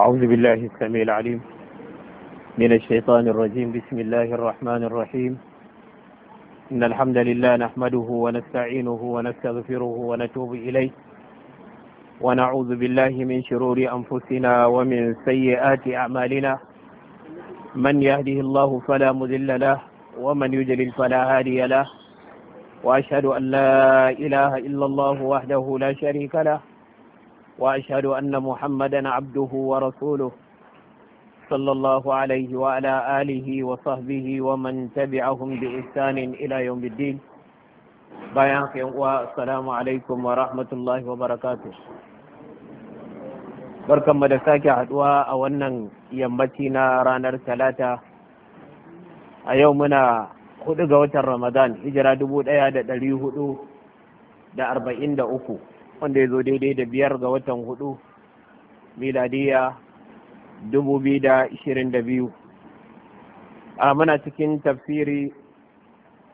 أعوذ بالله السميع العليم من الشيطان الرجيم بسم الله الرحمن الرحيم إن الحمد لله نحمده ونستعينه ونستغفره ونتوب إليه ونعوذ بالله من شرور أنفسنا ومن سيئات أعمالنا من يهده الله فلا مذل له ومن يجلل فلا هادي له وأشهد أن لا إله إلا الله وحده لا شريك له وأشهد أن محمدا عبده ورسوله صلى الله عليه وعلى آله وصحبه ومن تبعهم بإحسان إلى يوم الدين بيانك والسلام عليكم ورحمة الله وبركاته barkanmu da sake haduwa a wannan yammaci na ranar talata a yau muna hudu ga watan ramadan hijira dubu daya da dari hudu da arba'in da uku wanda ya zo daidai da biyar ga watan hudu miladiya dubu biyu da ishirin da biyu a muna cikin tafsiri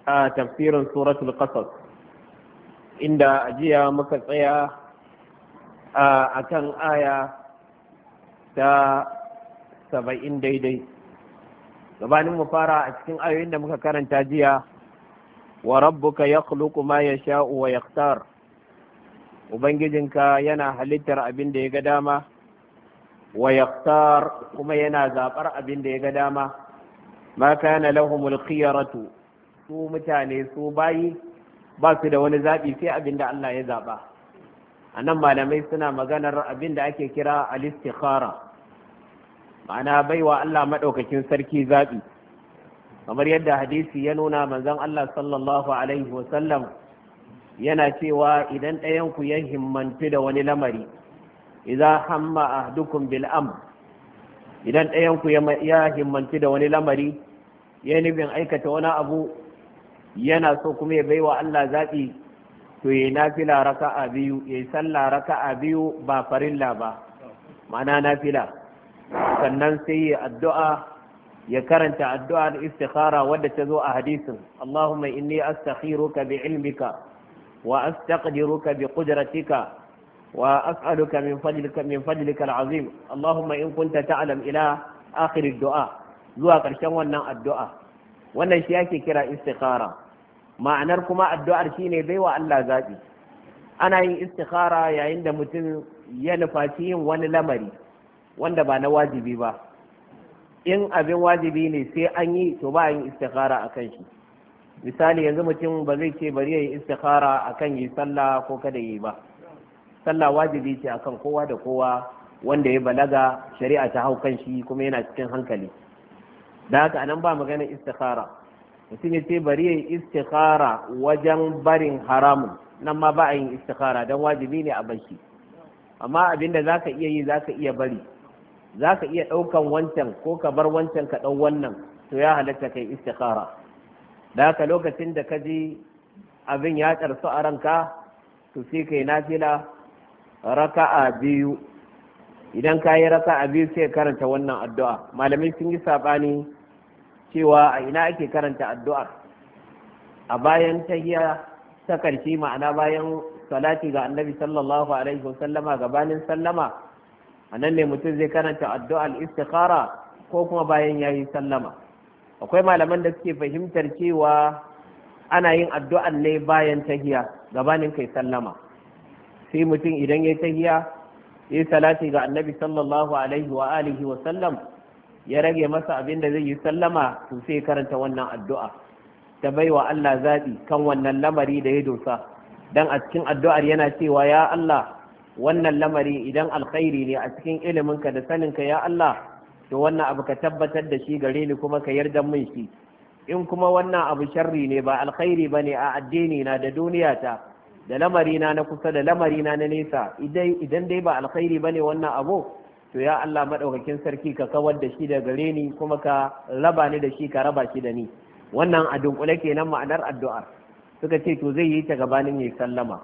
a tafsirin suratul qasas inda ajiya muka tsaya a kan aya ta saba'in daidai gabanin mu fara a cikin ayoyin da muka karanta jiya wa rabbuka yakhluqu ma yasha'u wa yakhtar ubangijinka yana halittar abin da ya ga dama wa yaktar kuma yana zaɓar abin da ya ga dama ma kana lahumul khiyaratu su mutane su bayi ba su da wani zaɓi sai abin da Allah ya zaɓa. anan malamai suna maganar abin da ake kira al-istikhara ma'ana baiwa Allah maɗaukakin sarki zaɓi. kamar yadda hadisi ya nuna manzon Allah sallallahu alaihi wasallam yana cewa idan ɗayanku ya himmantu da wani lamari idan hamma a dukkan bil'am idan ɗayanku ya himmantu da wani lamari ya nufin aikata wani abu yana so kuma ya baiwa Allah zaɓi to ya nafila raka'a biyu ya yi raka'a biyu ba farilla ba ma'ana nafila sannan sai ya addu'a ya karanta addu'ar istikhara wadda ta zo a hadisin Allahumma inni astakhiruka bi ilmika وأستقدرك بقدرتك وأسألك من فضلك من فضلك العظيم اللهم إن كنت تعلم إلى آخر الدعاء zuwa ƙarshen wannan addu'a wannan shi yake kira istikhara ma'anar kuma addu'ar shine baiwa Allah zaɓi ana yin istikhara yayin da mutum ya nufaci yin wani lamari wanda ba na wajibi ba in abin wajibi ne sai an yi to ba yin istikhara a kan shi misali yanzu mutum ba zai ce bari ya yi istikhara akan yi sallah ko kada yi ba sallah wajibi ce akan kowa da kowa wanda ya balaga shari'a ta hau kan shi kuma yana cikin hankali da haka anan ba maganar istikhara mutum ya ce bari ya yi istikhara wajen barin haramun nan ma ba a yin istikhara don wajibi ne a bashi amma abin da zaka iya yi zaka iya bari zaka iya ɗaukan wancan ko ka bar wancan ka ɗau wannan to ya halatta kai istikhara da haka lokacin da ka ji abin ya ƙarsu a ranka to sai yi nafila a biyu idan ka yi a biyu sai karanta wannan addu'a malamai sun yi saɓani cewa a ina ake karanta addu'ar a bayan tahiya ta ƙarshe ma'ana bayan salati ga annabi sallallahu alaihi wasallama gabanin sallama a nan ne mutum zai karanta addu'ar istikhara ko kuma bayan ya yi sallama akwai malaman da suke fahimtar cewa ana yin addu'an ne bayan tahiya gabanin kai sallama sai mutum idan ya tahiya ya salati ga annabi sallallahu alaihi wa alihi wa sallam ya rage masa abin da zai yi sallama to sai karanta wannan addu'a ta baiwa Allah zaɓi kan wannan lamari da ya dosa dan a cikin addu'ar yana cewa ya Allah wannan lamari idan alkhairi ne a cikin iliminka da saninka ya Allah to wannan abu ka tabbatar da shi gare ni kuma ka yarda min shi in kuma wannan abu sharri ne ba alkhairi ba ne a addini na da duniya ta. da lamari na kusa da lamari na nesa idan dai ba alkhairi ba ne wannan abu to ya Allah maɗaukakin sarki ka kawar da shi da gare ni kuma ka raba ni da shi ka raba shi da ni wannan a dunkule kenan ma'anar addu'ar suka ce to zai yi ta gabanin yayi sallama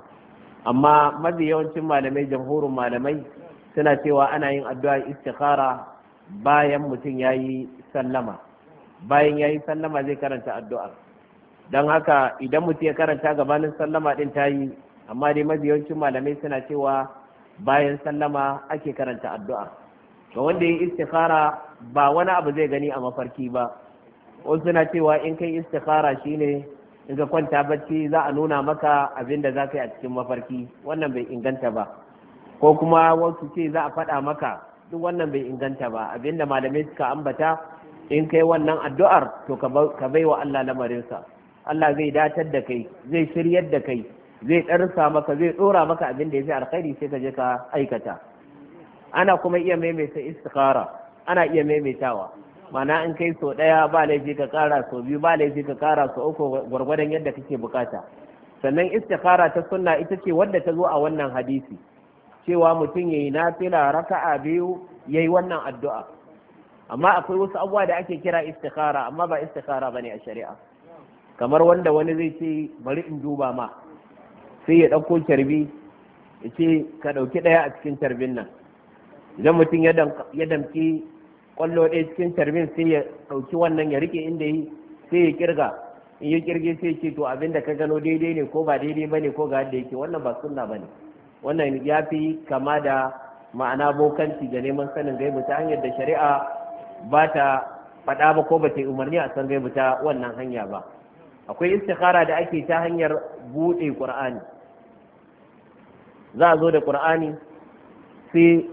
amma mafi yawancin malamai jamhurin malamai suna cewa ana yin addu'ar istikhara bayan mutum ya yi sallama bayan ya yi sallama zai karanta addu'a don haka idan mutum ya karanta gabanin sallama ɗin ta yi amma dai mabiyancin malamai suna cewa bayan sallama ake karanta addu'a ga wanda ya yi istikhara ba wani abu zai gani a mafarki ba wasu suna cewa in kai istikhara shine in ka kwanta bacci za a nuna maka abin da za ka yi a cikin mafarki wannan bai inganta ba ko kuma wasu ce za a faɗa maka duk wannan bai inganta ba abinda malamai suka ambata in kai wannan addu'ar to ka bai wa Allah lamarinsa Allah zai datar da kai zai shiryar da kai zai ɗarsa maka zai ɗora maka abin da ya fi alkhairi sai ka je ka aikata ana kuma iya maimaita istikhara ana iya maimaitawa mana in kai so ɗaya ba laifi ka ƙara so biyu ba laifi ka ƙara so uku gwargwadon yadda kake bukata sannan istikhara ta sunna ita ce wadda ta zo a wannan hadisi cewa mutum ya yi na raka raka'a biyu ya yi wannan addu'a amma akwai wasu abuwa da ake kira istikara, amma ba istikhara ne a shari'a kamar wanda wani zai ce bari in duba ma sai ya ɗauko carbi ya ce ka ɗauki ɗaya a cikin carbin nan idan mutum ya damki ƙwallo ɗaya cikin carbin sai ya ɗauki wannan ya rike inda yi sai ya kirga in ya kirge sai ce to abin da ka gano daidai ne ko ba daidai ba ne ko ga yadda yake wannan ba sunna ba ne wannan ya fi kama da ma'ana bokanci da neman sanin gaibu ta hanyar da shari'a ba ta faɗa ba ko ba ta umarni a san gaibu ta wannan hanya ba akwai istikhara da ake ta hanyar buɗe ƙur'ani za a zo da ƙur'ani sai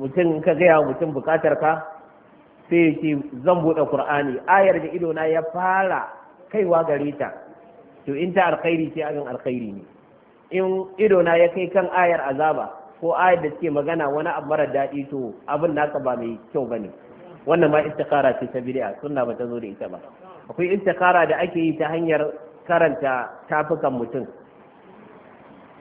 mutum ka gaya mutum buƙatar ka sai ce zan buɗe ƙur'ani ayar da idona ya fara kaiwa gare ta to in ta alkhairi ce abin alkhairi ne in idona ya kai kan ayar azaba ko ayar da suke magana wani abu mara daɗi to abin naka ba mai kyau bane wannan ma istikara ce ta bid'a sunna ba ta zo da ita ba akwai istikara da ake yi ta hanyar karanta tafukan mutum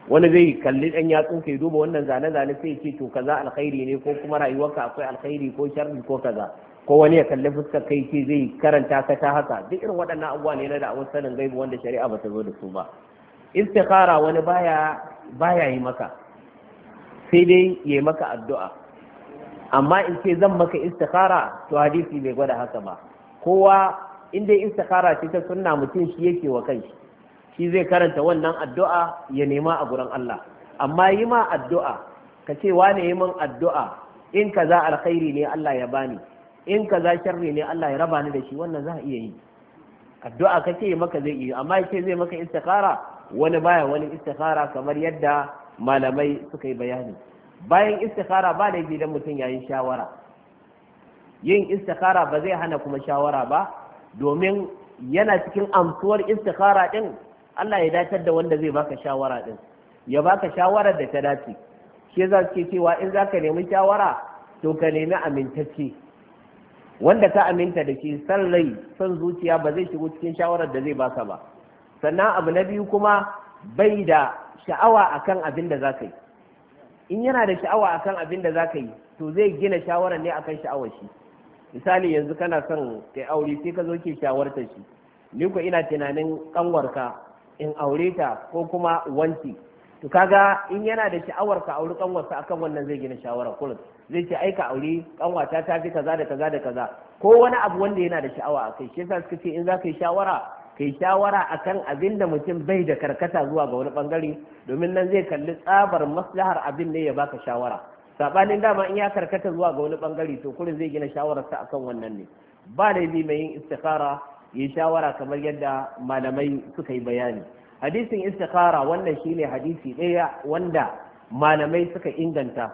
wani zai kalli ɗan yatsu? tsunke duba wannan zane zane sai ce to kaza alkhairi ne ko kuma rayuwarka akwai alkhairi ko sharri ko kaza ko wani ya kalli fuskar kai ce zai karanta ka ta haka duk irin waɗannan abubuwa ne na da'awar sanin gaibu wanda shari'a ba ta zo da su ba istikhara wani baya baya yi maka sai dai yi maka addu'a amma in ce zan maka istikhara to hadisi bai gwada haka ba kowa in dai istikhara ce ta sunna mutum shi yake wa kai shi zai karanta wannan addu'a ya nema a gurin Allah amma yi ma addu'a ka ce wane yi min addu'a in kaza alkhairi ne Allah ya bani in kaza sharri ne Allah ya raba ni da shi wannan za a iya yi addu'a ka ce maka zai iya amma ya ce zai maka istikhara wani baya wani istikhara kamar yadda malamai suka yi bayani bayan istikhara ba da idan mutum yayin shawara yin istikhara ba zai hana kuma shawara ba domin yana cikin amsuwar istikhara din Allah ya datar da wanda zai baka shawara din ya baka shawarar da ta dace shi za ke cewa in za ka nemi shawara to ka nemi amintacce wanda ka aminta da shi san rai son zuciya ba zai shigo cikin shawarar da zai baka ba sannan abu na biyu kuma bai da sha'awa akan abin da za ka yi in yana da sha'awa akan abin da za ka yi to zai gina shawarar ne akan sha'awar shi misali yanzu kana son kai aure sai ka zo ke shawartar shi ni ko ina tunanin kanwarka in aure ta ko kuma wanti to kaga in yana da sha'awar ka auri kanwarsa akan wannan zai gina shawara kullum zai ce aika aure kanwata ta fi kaza da kaza da kaza ko wani abu wanda yana da sha'awa akai shi yasa suka ce in za ka yi shawara kai shawara akan abin da mutum bai da karkata zuwa ga wani bangare domin nan zai kalli tsabar maslahar abin ne ya baka shawara sabanin dama in ya karkata zuwa ga wani bangare to kurin zai gina shawararsa akan wannan ne ba da mai yin istikhara yi shawara kamar yadda malamai suka yi bayani hadisin istikhara wannan shine hadisi daya wanda malamai suka inganta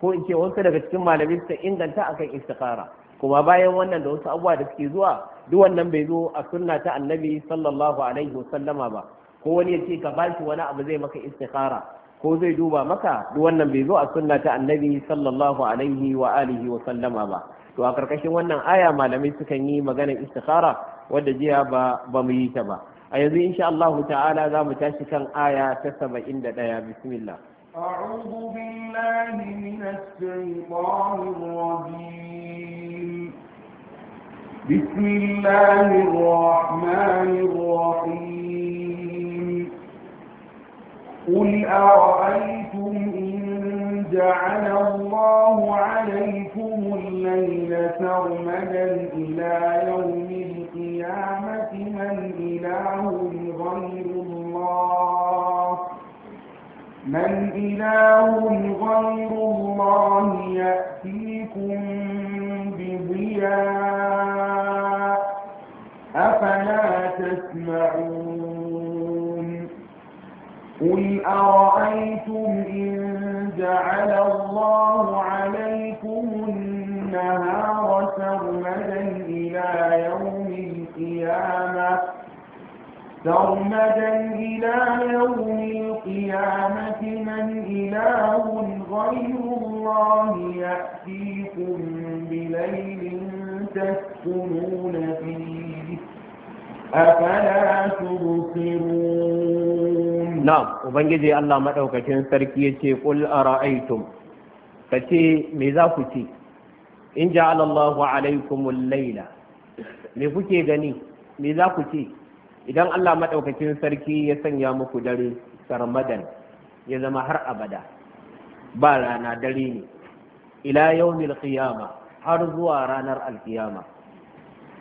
ko in ce wasu daga cikin malamai suka inganta akan istikhara kuma bayan wannan da wasu abubuwa da suke zuwa duk wannan bai zo a sunna ta annabi sallallahu alaihi wasallama ba ko wani ya ce ka bashi wani abu zai maka istikhara ko zai duba maka duk wannan bai zo a sunna ta annabi sallallahu alaihi wa alihi ba to a karkashin wannan aya malamai sukan yi maganar istikhara wadda jiya ba ba mu yi ta ba a yanzu insha Allah ta'ala za mu tashi kan aya ta 71 bismillah أعوذ بالله من الشيطان الرجيم بسم الله الرحمن الرحيم قل أرأيتم إن جعل الله عليكم الليل سرمدا إلى يوم القيامة من إله غير الله من إله غير الله يأتيكم بضياء أفلا تسمعون قل أرأيتم إن جعل الله عليكم النهار سرمدا إلى يوم القيامة سرمدا إلى يوم القيامة من إله غير الله يأتيكم بليل تسكنون فيه أفلا تبصرون نعم وبنجي الله ما Ka ce قل أرأيتم فتي مذاكتي in ja'ala Allahu alaikum al-laila me kuke gani me za ku ce idan Allah Maɗaukacin sarki ya sanya muku dare sarmadan ya zama har abada ba rana dare ne ila yau qiyama har zuwa ranar alkiyama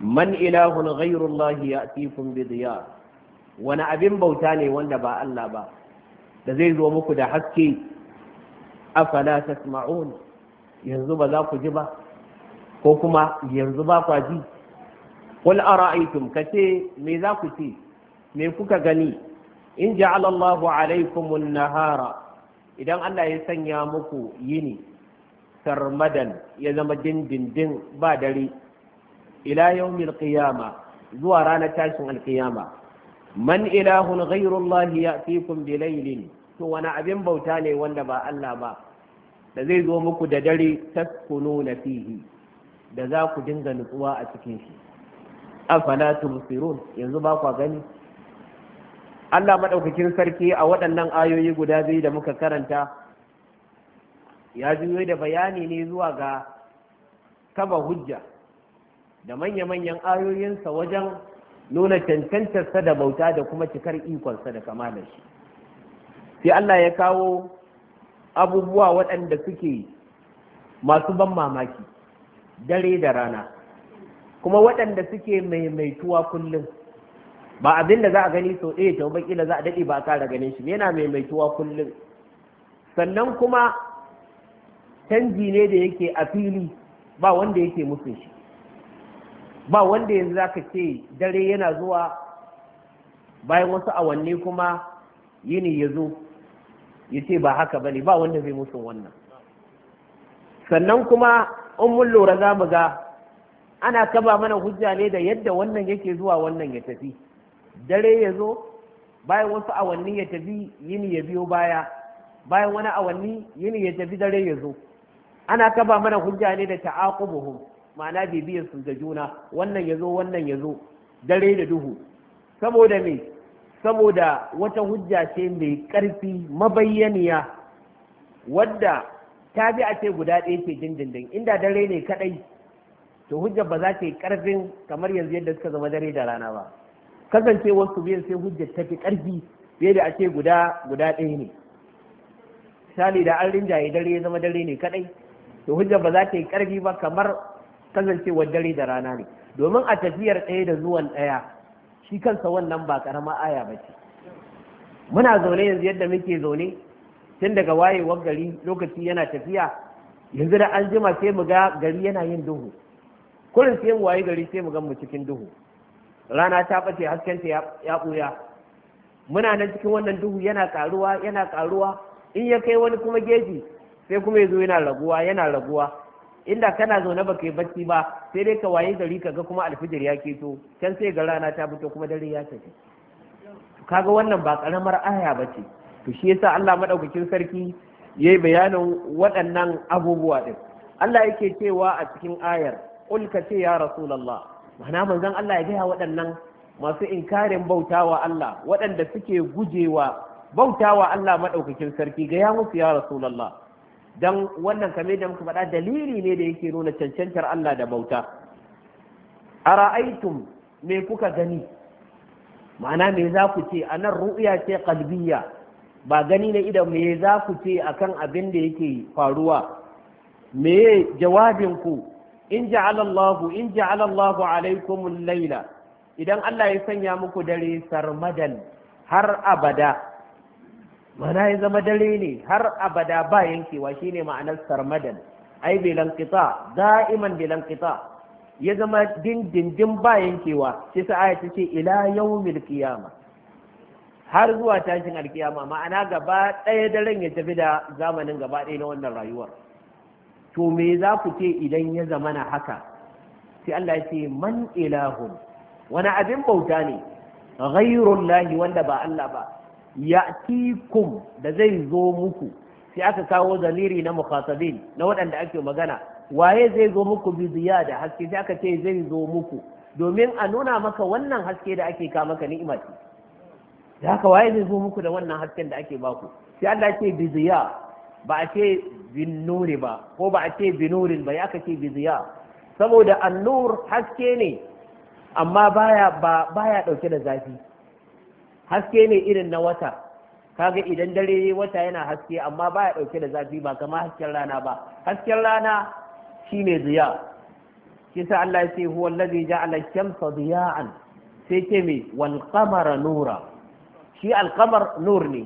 man ilahun ghairullahi ya tikun bidiya wani abin bauta ne wanda ba Allah ba da zai zo muku da haske afala tasma'un yanzu ba za ku ji ba ko kuma yanzu ba kwa ji qul ara'aytum kace me za ku ci me kuka gani in ja'ala Allahu alaykum an-nahara idan Allah ya sanya muku yini sarmadan ya zama dindindin ba dare ila yawmil qiyama zuwa ranar tashin alkiyama man ilahun ghairullah ya'tikum bi laylin to wani abin bauta ne wanda ba Allah ba da zai zo muku da dare na fihi da za ku dinga nutsuwa a cikin shi afala tubsirun yanzu ba ku gani Allah madaukakin sarki a waɗannan ayoyi guda biyu da muka karanta ya juyo da bayani ne zuwa ga kaba hujja da manya-manyan ayoyinsa wajen nuna cancantarsa da bauta da kuma cikar ikonsa da kamalar shi sai Allah ya kawo abubuwa waɗanda suke masu ban mamaki dare da rana kuma waɗanda suke maimaituwa kullum ba abin da za a gani sau ɗaya ta kila za a daɗe ba a kara ganin shi yana maimaituwa kullum sannan kuma canji ne da yake a fili ba wanda yake musun shi ba wanda yanzu zaka ce dare yana zuwa bayan wasu awanni kuma yini ya zo ya ce ba haka ba ne ba wanda zai musu wannan sannan kuma in mun lura za mu ga ana kaba mana hujja ne da yadda wannan yake zuwa wannan ya tafi dare ya zo bayan wasu awanni ya tafi yini ya biyo baya bayan wani awanni yini ya tafi dare ya zo ana kaba mana hujja ne da ta'aqubuhum ma'ana bibiyan su ga juna wannan ya zo wannan ya zo dare da duhu saboda me saboda wata hujja ce mai ƙarfi mabayyaniya wadda ta bi a ce guda ɗaya ce dindindin inda dare ne kaɗai to hujja ba za ta yi ƙarfin kamar yanzu yadda suka zama dare da rana ba kasance wasu biyan sai hujjar ta fi ƙarfi fiye da a ce guda guda ɗaya ne misali da an rinjaye dare ya zama dare ne kaɗai to hujjar ba za ta yi ƙarfi ba kamar kasancewar dare da rana ne domin a tafiyar ɗaya da zuwan ɗaya shi kansa wannan ba karama aya ba ce muna zaune yanzu yadda muke zaune tun daga wayewar gari lokaci yana tafiya yanzu da an jima sai mu ga gari yana yin duhu kurin sai mu waye gari sai mu ga mu cikin duhu rana ta ɓace haskenta ya ɓuya muna nan cikin wannan duhu yana ƙaruwa yana ƙaruwa in ya kai wani kuma geji? sai kuma ya zo yana raguwa yana raguwa inda kana zaune ba yi bacci ba sai dai ka waye gari ga kuma alfijir ya keto can sai ga rana ta fito kuma dare ya tafi kaga wannan ba karamar aya ba ce to shi yasa Allah madaukakin sarki yayi bayanin waɗannan abubuwa din Allah yake cewa a cikin ayar qul ka ce ya rasulullah mana manzon Allah ya ga waɗannan masu inkarin bautawa Allah waɗanda suke gujewa bautawa Allah madaukakin sarki ga ya musu ya rasulullah dan wannan kame da muka faɗa dalili ne da yake nuna cancantar Allah da bauta ara'aytum me kuka gani ma'ana me za ku ce anan ru'ya ce qalbiyya ba gani na idan me za ku ce akan abin da yake faruwa me jawabin ku in ja'ala Allah in ja'ala Allah alaikum laila idan Allah ya sanya muku dare sarmadan har abada mana ya zama dare ne har abada ba yankewa shine ma'anar sarmadan ai bilan kita da'iman bilan kita ya zama dindindin ba yankewa shi sa aya ce ila yawmil qiyama har zuwa tashin alkiyama ma'ana gaba ɗaya daren ya tafi da zamanin gaba ɗaya na wannan rayuwar to me za ku ce idan ya zama na haka sai Allah ya ce man ilahun wani abin bauta ne ghairullahi wanda ba Allah ba ya'tikum da zai zo muku sai aka kawo zamiri na mukhatabin na waɗanda ake magana waye zai zo muku bi da haske sai aka ce zai zo muku domin a nuna maka wannan haske da ake ka maka ni'ima ce da haka waye zai zo muku da wannan hasken da ake baku sai Allah ce bi ziya ba a ce bin nuri ba ko ba a ce bin nurin ba ya ka bi ziya saboda annur haske ne amma baya ba baya dauke da zafi haske ne irin na wata kaga idan dare wata yana haske amma baya dauke da zafi ba kamar hasken rana ba hasken rana shine ziya kisa Allah ya ce huwa allazi ja'ala shamsa diya'an sai ce me wal qamara nura shi al qamar nur ne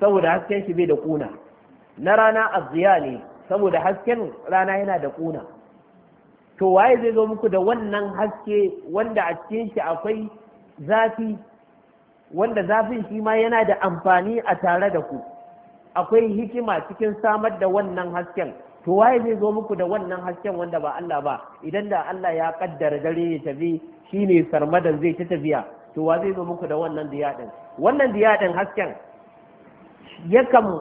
saboda hasken shi bai da kuna na rana azziya ne saboda hasken rana yana da kuna to waye zai zo muku da wannan haske wanda a cikin shi akwai zafi wanda zafin shi ma yana da amfani a tare da ku akwai hikima cikin samar da wannan hasken to waye zai zo muku da wannan hasken wanda ba Allah ba idan da Allah ya kaddara dare ya tafi shine sarmadan zai ta tafiya to wa zai zo muku da wannan diya wannan diya din hasken kam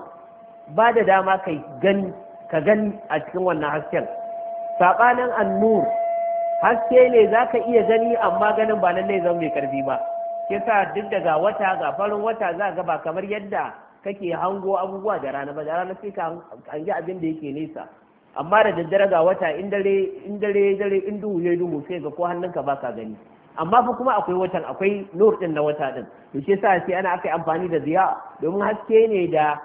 ba da dama kai gani ka gani a cikin wannan hasken sabanin annur haske ne zaka iya gani amma ganin ba lallai zan mai karfi ba yasa duk daga wata ga farin wata za ga ba kamar yadda kake hango abubuwa da rana ba da rana sai ka hangi abin da yake nesa amma da daddare ga wata in dare in dare dare in duhu ya duhu sai ga ko hannunka baka gani amma fa kuma akwai watan akwai nur din na wata din to shi yasa sai ana akai amfani da ziya domin haske ne da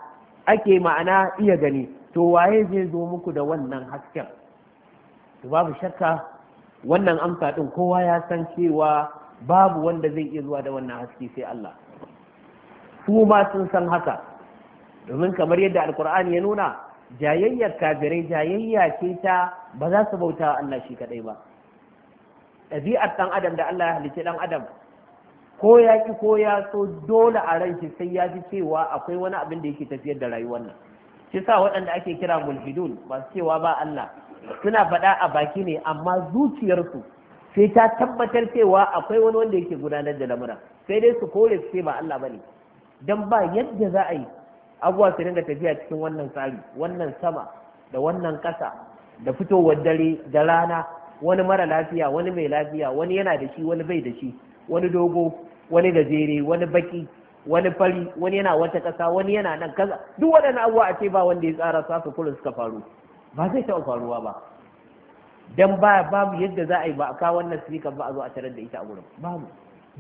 ake ma'ana iya gani to waye zai zo muku da wannan hasken to babu shakka wannan amsa din kowa ya san cewa babu wanda zai iya zuwa da wannan haske sai Allah su ma sun san haka domin kamar yadda alkur'ani ya nuna jayayyar kafirai jayayya ce ta ba za su bauta Allah shi kadai ba ɗabi'ar ɗan adam da Allah ya halice ɗan adam ko ya ki ko ya so dole a ran shi sai ya ji cewa akwai wani abin da yake tafiyar da rayuwar nan shi sa waɗanda ake kira mulhidun masu cewa ba Allah suna faɗa a baki ne amma zuciyarsu sai ta tabbatar cewa akwai wani wanda yake gudanar da lamura sai dai su kore su ce ba Allah bane dan ba yadda za a yi abuwa su dinga tafiya cikin wannan tsari wannan sama da wannan ƙasa da fitowar dare da rana wani mara lafiya wani mai lafiya wani yana da shi wani bai da shi wani dogo wani gajere wani baki wani fari wani yana wata ƙasa wani yana nan kaza duk waɗannan abuwa a ce ba wanda ya tsara sa su kullum suka faru ba zai taɓa faruwa ba dan ba babu yadda za a yi ba a kawo wannan sirikan ba a zo a tarar da ita a gurin babu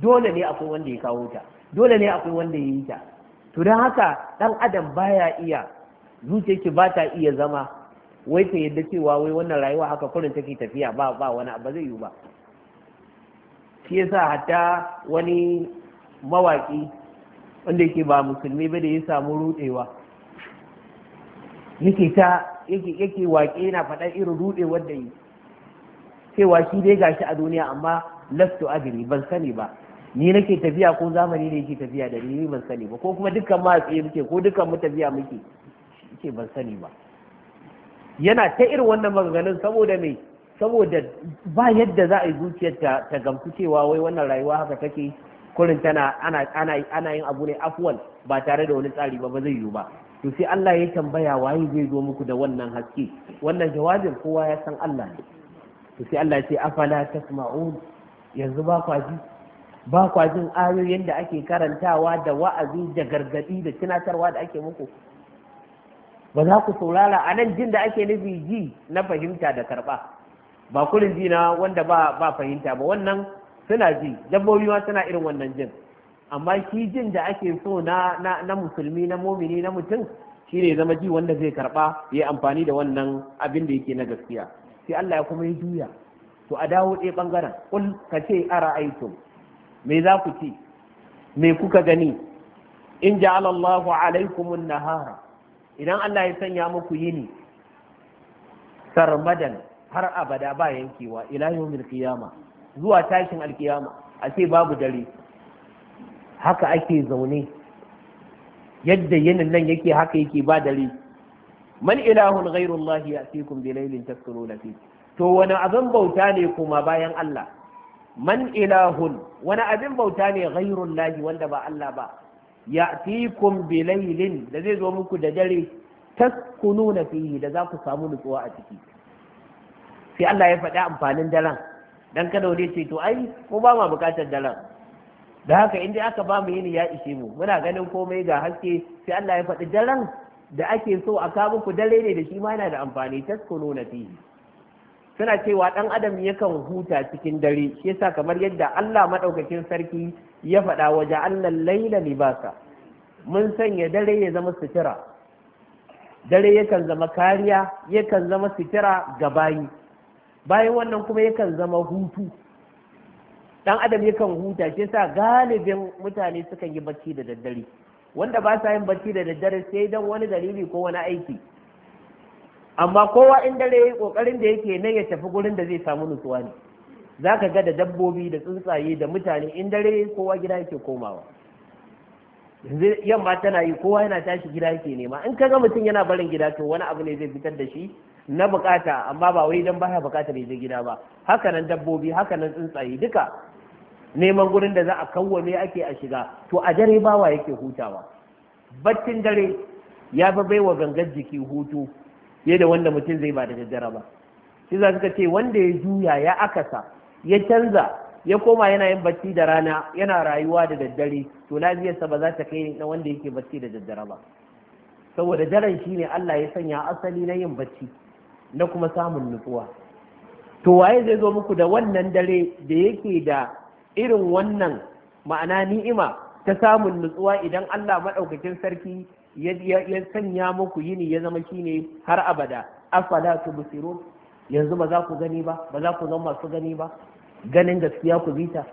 dole ne akwai wanda ya kawo ta dole ne akwai wanda ya yi ta to dan haka dan adam baya iya zuciyarki ba ta iya zama wai ta yadda cewa wai wannan rayuwa haka kurin take tafiya ba ba wani abu zai yi ba shi yasa hatta wani mawaki wanda yake ba musulmi ba da ya samu rudewa yake ta yake yake waƙe yana faɗa irin rudewar da yi cewa shi dai gashi a duniya amma lastu adri ban sani ba ni nake tafiya ko zamani ne yake tafiya da ni ban sani ba ko kuma dukkan ma tsaye muke ko dukkan mu tafiya muke yake ban sani ba yana ta irin wannan maganganun saboda me saboda ba yadda za a yi zuciyar ta, ta gamsu cewa wai wannan rayuwa haka take kurin tana ana ana ana yin abu ne afwal ba tare da wani tsari ba ba zai yiwu ba to sai Allah ya tambaya waye zai zo muku da wannan haske wannan jawabin kowa ya san Allah ne to sai Allah ce afala tasma'un yanzu ba kwa ji ba kwa jin ayoyin da ake karantawa da wa'azi da gargadi da tunatarwa da ake muku ba za ku saurara a nan jin da ake nufi ji na fahimta da karba ba kullum ji na wanda ba ba fahimta ba wannan suna ji dabbobi ma suna irin wannan jin amma shi jin da ake so na na musulmi na mumini na mutum shine zama ji wanda zai karba ya amfani da wannan abin da yake na gaskiya sai Allah ya kuma ya juya to a dawo ɗaya ɓangaren kul ka ce ara aikin me za ku ce me kuka gani in ja'ala Allahu alaikumun nahara idan Allah ya sanya muku yini sarmadan har abada ba yankewa ila yawmil qiyama zuwa tashin alkiyama a ce babu dare haka ake zaune yadda yanin nan yake haka yake ba dare man ilahun ghairullah ya'tikum bi laylin na fi to wani abin bauta ne kuma bayan Allah man ilahun wani abin bauta ne ghairullah wanda ba Allah ba ya'tikum bi laylin da zai zo muku da dare na fihi da za ku samu nutsuwa a ciki sai Allah ya faɗi amfanin daren dan kada wani ce to ai mu ba ma bukatar daren da haka inda aka ba mu yini ya ishe mu muna ganin komai ga haske sai Allah ya faɗi daren da ake so a kawo ku dare ne da shi ma yana da amfani taskuno na fi suna cewa dan adam yakan huta cikin dare shi yasa kamar yadda Allah madaukakin sarki ya faɗa waje Allah laila libasa mun sanya dare ya zama sutura dare yakan zama kariya yakan zama sutura ga bayi bayan wannan kuma yakan zama hutu dan adam yakan huta shi yasa galibin mutane sukan yi bacci da daddare wanda ba sa yin barci da daddare sai dan wani dalili ko wani aiki amma kowa in dare yayi kokarin da yake nan ya tafi gurin da zai samu nutsuwa ne zaka ga da dabbobi da tsuntsaye da mutane in dare kowa gida yake komawa yanzu yamma tana yi kowa yana tashi gida yake nema in kaga mutum yana barin gida to wani abu ne zai fitar da shi na bukata amma ba wai dan baya bukatar je gida ba haka nan dabbobi haka nan tsuntsaye duka neman gurin da za a kawwame ake a shiga to a dare bawa yake hutawa baccin dare ya fi baiwa gangar jiki hutu fiye da wanda mutum zai ba da daddare ba shi za suka ce wanda ya juya ya akasa ya canza ya koma yana yin bacci da rana yana rayuwa da daddare to lafiyarsa ba za ta kai na wanda yake bacci da daddare ba saboda daren shi ne Allah ya sanya asali na yin bacci na kuma samun nutsuwa to waye zai zo muku da wannan dare da yake da irin wannan ma'ana ni'ima ta samun nutsuwa idan Allah maɗaukakin sarki ya sanya muku yini ya zama shine har abada afala tubsirun yanzu ba za ku gani ba ba za ku zama masu gani ba ganin gaskiya ku bita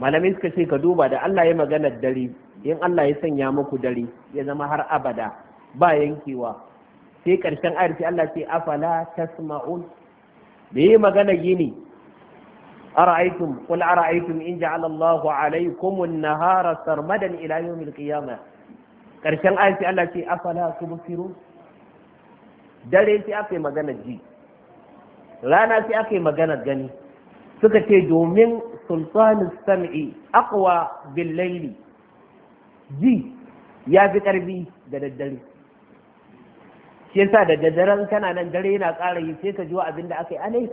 malamai suka ce ka duba da Allah ya magana dare in Allah ya sanya muku dare ya zama har abada ba yankewa sai karshen ayar sai Allah ce afala tasma'un da yi magana yini ara'aytum qul ara'aytum in ja'ala Allahu alaykum an-nahara sarmadan ila yawm al-qiyamah karshen ayati Allah ce afala tubsirun dare sai aka yi magana ji rana sai aka yi magana gani suka ce domin sultani sam'i akwa billaili ji ya fi ƙarfi da daddare shi yasa da daddaren kana nan dare yana ƙara yi sai ka ji abin da aka yi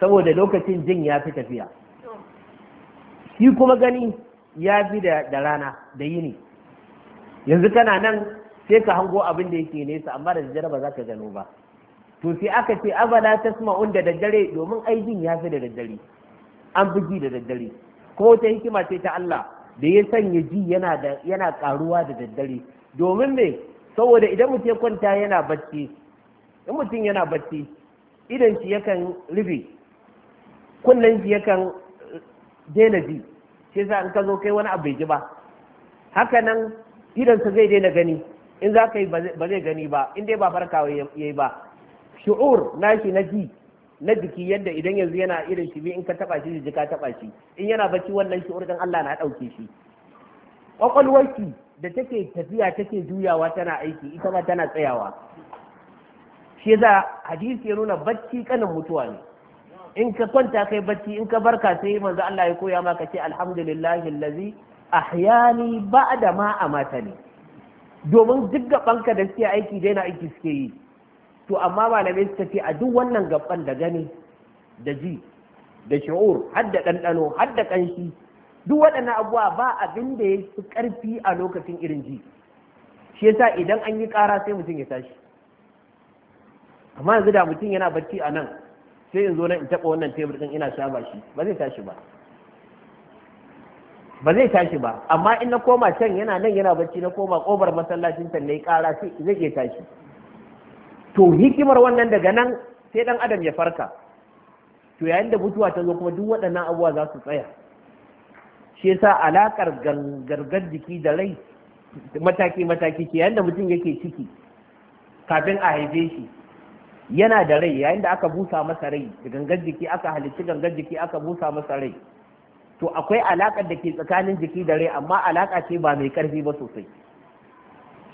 saboda lokacin jin ya fi tafiya shi kuma gani ya fi da rana da yini yanzu kana nan sai ka hango abin da yake nesa amma da daddare ba za ka gano ba to sai aka ce abala tasma'un da daddare domin aijin ya fi da daddare an fi da daddare ko wata hikima ce ta Allah da ya sanya ji yana karuwa da daddare domin me saboda idan mutum ya kwanta yana bacci in mutum yana bacci idan shi yakan rufe kunnen shi yakan daina ji shi yasa in ka zo kai wani abu bai ji ba haka nan idansa zai daina gani in za ka yi ba zai gani ba in dai ba farkawa ya yi ba shu'ur nashi na ji na jiki yadda idan yanzu yana irin shi in ka taba shi jiki ka taba shi in yana bacci wannan shi, dan Allah na dauke shi kwakwalwarki da take tafiya take juyawa tana aiki ita ma tana tsayawa shi yasa hadisi ya nuna bacci kanin mutuwa ne in ka kwanta kai bacci in ka barka sai manzo Allah ya koya maka ce alhamdulillahi allazi ahyani ba'da ma amatani domin duk gabanka da suke aiki daina aiki suke yi to amma malamai suka ce a duk wannan gaban da gani da ji da shi'ur har da ɗanɗano har da ƙanshi duk waɗannan abubuwa ba abin da ya fi ƙarfi a lokacin irin ji shi yasa idan an yi ƙara sai mutum ya tashi amma yanzu da mutum yana bacci a nan sai in zo nan in taɓa wannan tebur ɗin ina shaba shi ba zai tashi ba ba zai tashi ba amma in na koma can yana nan yana bacci na koma kobar masallacin can nayi ƙara sai zai iya tashi to hikimar wannan daga nan sai ɗan adam ya farka to yayin da mutuwa ta zo kuma duk waɗannan abubuwa za su tsaya shi yasa alakar gargar jiki da rai mataki mataki ke yayin da mutum yake ciki kafin a haife shi yana da rai yayin da aka busa masa rai da gangar jiki aka halicci gangan jiki aka busa masa rai to akwai alakar da ke tsakanin jiki da rai amma alaka ce ba mai karfi ba sosai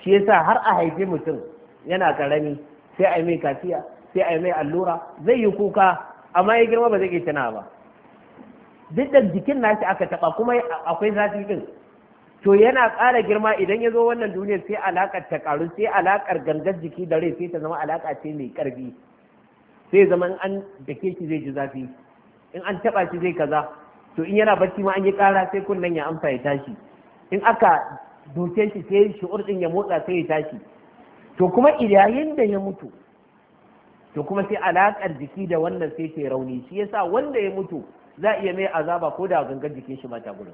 shi yasa har a haifi mutum yana karami sai a yi mai kaciya sai a yi mai allura zai yi kuka amma ya girma ba zai ke tana ba duk da jikin nashi aka taba kuma akwai zafi din to yana ƙara girma idan ya zo wannan duniyar sai alaƙar ta ƙaru sai alaƙar gangar jiki da rai sai ta zama alaƙa ce mai ƙarfi sai zama an dake shi zai ji zafi in an taɓa shi zai kaza to in yana bacci ma an yi ƙara sai kunnen ya amsa ya tashi in aka doke shi sai shi'ur ɗin ya motsa sai ya tashi to kuma yayin da ya mutu to kuma sai alaƙar jiki da wannan sai ta rauni shi yasa wanda ya mutu za a iya mai azaba ko da gangar jikin shi ba ta gudu.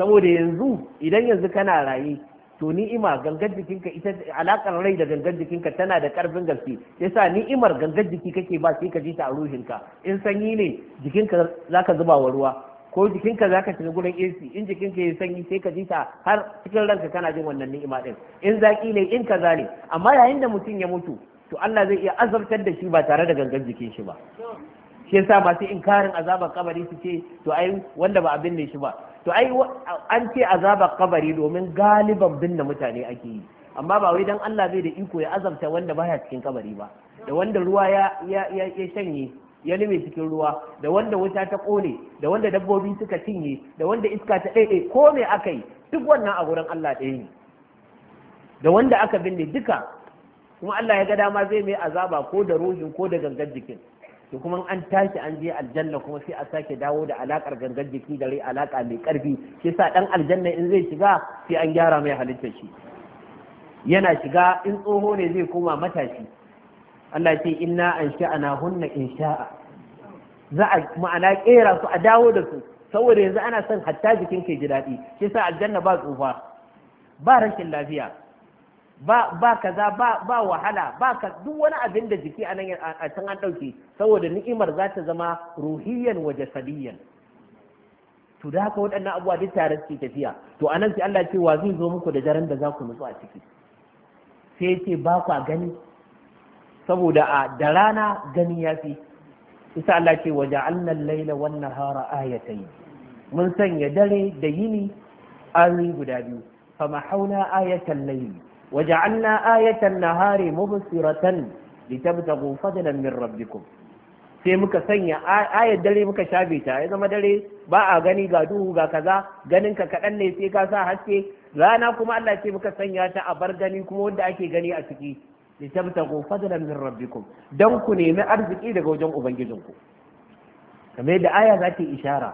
saboda yanzu idan yanzu kana raye to ni'ima gangan jikinka ita alakar rai da gangan jikinka tana da karfin gaske yasa ni'imar gangan jiki kake ba sai ka ji ta a ruhinka in sanyi ne jikinka zaka zuba wa ruwa ko jikinka zaka shiga gurin AC in jikinka ya sanyi sai ka ji ta har cikin ranka kana jin wannan ni'ima din in zaki ne in kaza ne amma yayin da mutum ya mutu to Allah zai iya azabtar da shi ba tare da gangan jikin shi ba shi yasa masu inkarin azabar kabari su ce to ai wanda ba abin ne shi ba to ai an ce azabar kabari domin galiban binne mutane ake yi amma ba wai dan Allah bai da iko ya azabta wanda baya cikin kabari ba da wanda ruwa ya ya shanye ya lume cikin ruwa da wanda wuta ta kone da wanda dabbobi suka cinye da wanda iska ta ɗaiɗe ko me aka yi duk wannan a gurin Allah ɗaya ne da wanda aka binne duka kuma Allah ya ga dama zai mai azaba ko da ruhin ko da gangar jikin to kuma an tashi an je aljanna kuma sai a sake dawo da alakar gangar jiki da rai alaka mai karfi shi sa dan aljanna in zai shiga sai an gyara mai halittar shi yana shiga in tsoho ne zai koma matashi Allah ce inna an sha'ana hunna insha'a. za a ma'ana kera su a dawo da su saboda yanzu ana son hatta jikin ke ji daɗi shi sa aljanna ba tsufa ba rashin lafiya ba ba kaza ba ba wahala ba ka duk wani abin da jiki anan a can an dauke saboda ni'imar za ta zama ruhiyan wa jasadiyan to da haka waɗannan abuwa duk tare suke tafiya to anan sai Allah ce wa zai zo muku da daren da za ku nutsu a ciki sai ce ba ku gani saboda a da rana gani ya fi isa Allah ce wa ja'alna al-laila wan nahara ayatayn mun sanya dare da yini ayoyi guda biyu fa mahauna ayatan layli وجعلنا آية النهار مبصرة لتبتغوا فضلا من ربكم sai muka sanya ayar dare muka shafe ta ya zama dare ba a gani ga duhu ga kaza ganin ka kaɗan ne sai ka sa haske rana kuma Allah ce muka sanya ta a bar gani kuma wanda ake gani a ciki li tabtagu fadlan min rabbikum dan ku nemi arziki daga wajen ubangijinku kamar da aya za ta ishara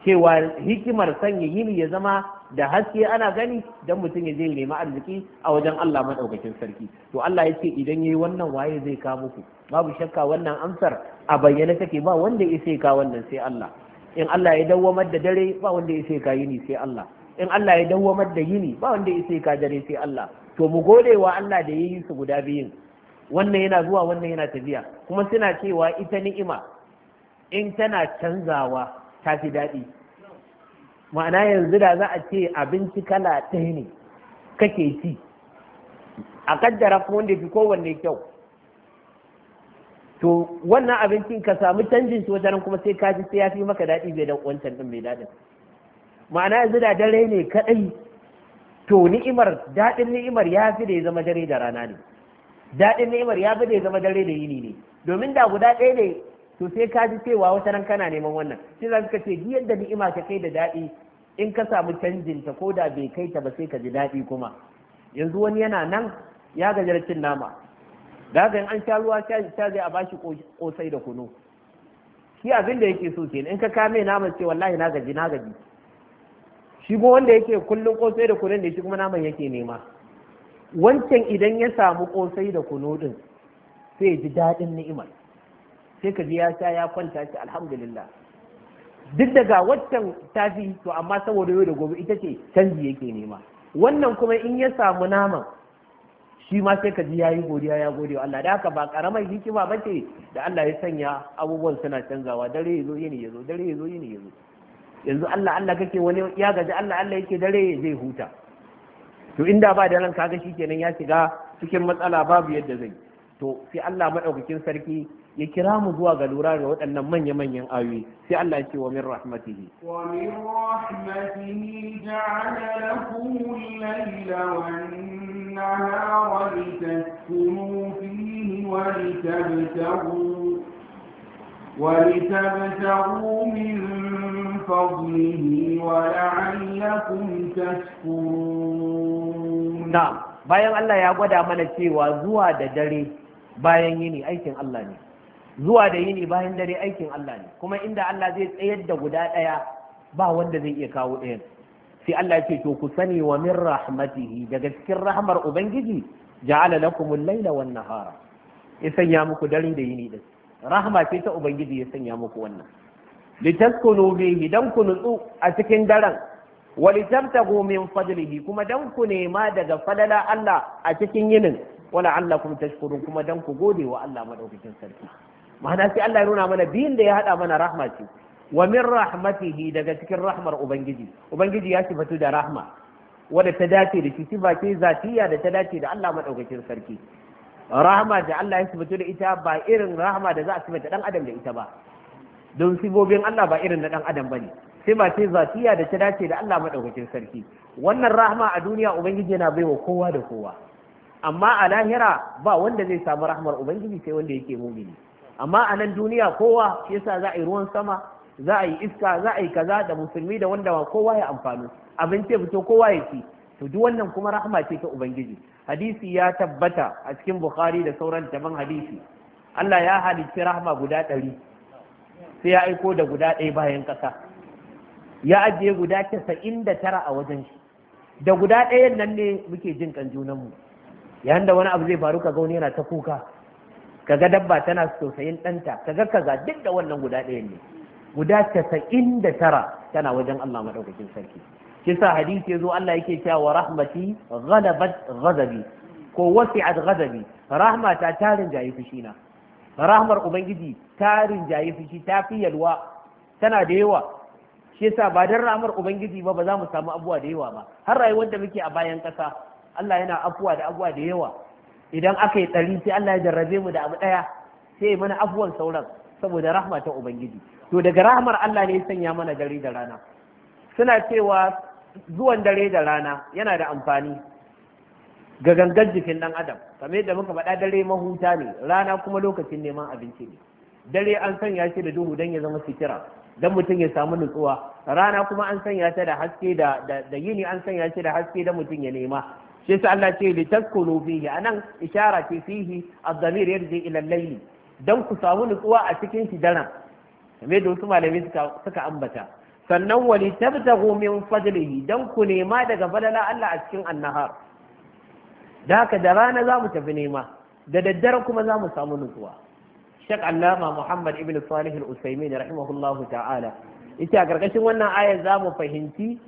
cewa hikimar sanya yini ya zama da haske ana gani dan mutum ya je nemi arziki a wajen Allah madaukakin sarki to Allah ya ce idan yayi wannan waye zai ka muku babu shakka wannan amsar a bayyana take ba wanda ya sai ka wannan sai Allah in Allah ya dawwamar da dare ba wanda ya sai ka yini sai Allah in Allah ya dawwamar da yini ba wanda ya sai ka dare sai Allah to mu gode wa Allah da yayi su guda biyun wannan yana zuwa wannan yana tafiya kuma suna cewa ita ni'ima in tana canzawa ta fi daɗi ma'ana yanzu da za a ce abinci kala ɗaya ne kake ci a kaddara kuma wanda fi kowanne kyau to wannan abincin ka samu canjin shi wajen kuma sai ka sai ya fi maka daɗi bai da wancan ɗin mai daɗin ma'ana yanzu da dare ne kaɗai to ni'imar daɗin ni'imar ya fi da ya zama dare da rana ne daɗin ni'imar ya fi da ya zama dare da yini ne domin da guda ɗaya ne to sai ka ji cewa wata nan kana neman wannan shi za ka ce duk yadda ni'ima ta kai da daɗi in ka samu canjin ta ko da bai kai ta ba sai ka ji daɗi kuma yanzu wani yana nan ya gajar cin nama Daga in an sha ruwa sha zai a bashi kosai da kunu shi abin da yake so kenan in ka kame naman ce wallahi na gaji na gaji shi kuma wanda yake kullum kosai da kunu ne, shi kuma naman yake nema wancan idan ya samu kosai da kunu din sai ji daɗin ni'imar sai ka ji ya sha ya kwanta shi alhamdulillah duk daga waccan tafi to amma saboda yau da gobe ita ce canji yake nema wannan kuma in ya samu naman shi ma sai ka ji ya yi godiya ya gode wa Allah da haka ba karamar hikima ba ce da Allah ya sanya abubuwan suna canzawa dare ya zo yini ya zo dare ya zo yini ya zo yanzu Allah Allah kake wani ya gaji Allah Allah yake dare zai huta to inda ba da ran kaga shi kenan ya shiga cikin matsala babu yadda zai to sai Allah madaukakin sarki ya kira mu zuwa ga lura ga waɗannan manya-manyan ayoyi sai Allah ya ce wa min rahmatihi wa min rahmatihi ja'ala lakum al-layla an nahara litaskunu fihi wa litabtaghu min fadlihi wa la'allakum tashkurun na bayan Allah ya gwada mana cewa zuwa da dare bayan yini aikin Allah ne zuwa da yini bayan dare aikin Allah ne kuma inda Allah zai tsayar da guda ɗaya ba wanda zai iya kawo ɗayan sai Allah ya ce to ku sani wa min rahmatihi daga cikin rahmar ubangiji ja'ala lakumul laila wan nahara ya sanya muku dare da yini din rahma ce ta ubangiji ya sanya muku wannan litaskunu bihi dan ku nutsu a cikin daren wa min fadlihi kuma dan ku nema daga fadala Allah a cikin yinin wala kuma tashkurun kuma dan ku gode wa Allah madaukakin sarki ma'ana sai Allah ya nuna mana biyun da ya haɗa mana rahma ce wa min rahmatihi daga cikin rahmar ubangiji ubangiji ya sifatu da rahma wadda ta dace da shi sifa ce zatiya da ta dace da Allah madaukakin sarki rahma da Allah ya sifatu da ita ba irin rahma da za a sifata dan adam da ita ba don sifofin Allah ba irin na dan adam bane sifa ce zatiya da ta dace da Allah madaukakin sarki wannan rahma a duniya ubangiji yana baiwa kowa da kowa amma a lahira ba wanda zai samu rahmar ubangiji sai wanda yake mumini amma a nan duniya kowa shi yasa za a yi ruwan sama za a yi iska za a yi kaza da musulmi da wanda ba kowa ya amfani abinci fito kowa ya ci to duk wannan kuma rahama ce ta ubangiji hadisi ya tabbata a cikin bukhari da sauran daban hadisi Allah ya halicci rahama guda ɗari sai ya aiko da guda ɗaya bayan ƙasa ya ajiye guda casa'in da tara a wajen shi da guda ɗayan nan ne muke jin kan junanmu yayin da wani abu zai faru ka gauni yana ta kuka kaga dabba tana sosayin ɗanta kaga kaza duk da wannan guda ɗayan ne guda casa'in da tara tana wajen Allah maɗaukakin sarki shi sa hadisi ya zo Allah yake cewa wa rahmati ghalabat ghadabi ko wasi'at ghadabi Rahmata ta tarin jayi fushi na rahmar ubangiji tarin jayi fushi ta fi tana da yawa shi yasa ba dan rahmar ubangiji ba ba za mu samu abuwa da yawa ba har rayuwar da muke a bayan kasa. Allah yana afuwa da abuwa da yawa idan aka yi ɗari sai Allah ya jarrabe mu da abu ɗaya sai mana afuwan sauran saboda rahma ta ubangiji to daga rahmar Allah ne ya sanya mana dare da rana suna cewa zuwan dare da rana yana da amfani ga gangan jikin ɗan adam kamar yadda muka faɗa dare mahuta ne rana kuma lokacin neman abinci ne dare an sanya shi da duhu don ya zama sitira don mutum ya samu nutsuwa rana kuma an sanya ta da haske da yini an sanya shi da haske don mutum ya nema shi sa Allah ce li taskunu fihi anan ishara ce fihi az-zamir yarji ila al-layl dan ku samu nutsuwa a cikin shi daren kamar da wasu malamai suka suka ambata sannan wa li min fadlihi dan ku nema daga falala Allah a cikin annahar da haka da rana za mu tafi nema da daddare kuma za mu samu nutsuwa shek Allama Muhammad Ibn Salih Al-Usaimin rahimahullahu ta'ala ita a karkashin wannan ayar za mu fahimci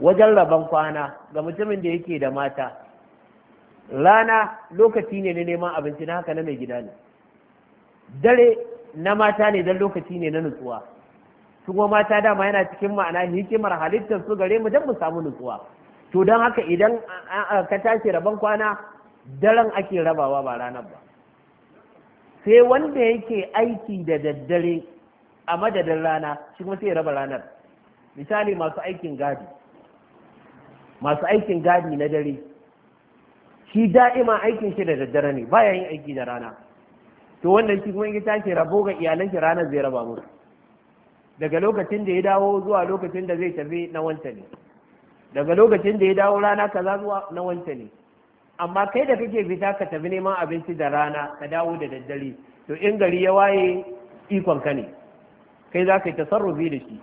wajen rabon kwana ga mutumin da yake da mata rana lokaci ne na neman abinci na haka na mai gida ne dare na mata ne don lokaci ne na nutsuwa su kuma mata dama yana cikin ma'ana hikimar halittar su gare mu don mu samu nutsuwa to don haka idan ka tashi rabon kwana daren ake rabawa ba ranar ba sai wanda yake aiki da daddare a madadin rana shi kuma sai raba ranar misali masu aikin gadi masu aikin gadi na dare shi da'ima aikin shi da daddare ne baya yin aiki da rana to wannan shi kuma ya take rabo ga iyalan shi ranar zai raba musu daga lokacin da ya dawo zuwa lokacin da zai tafi na wanta ne daga lokacin da ya dawo rana kaza zuwa na wanta ne amma kai da kake fita ka tafi neman abinci da rana ka dawo da daddare to in gari ya waye ikon ka ne kai za ka yi tasarrufi da shi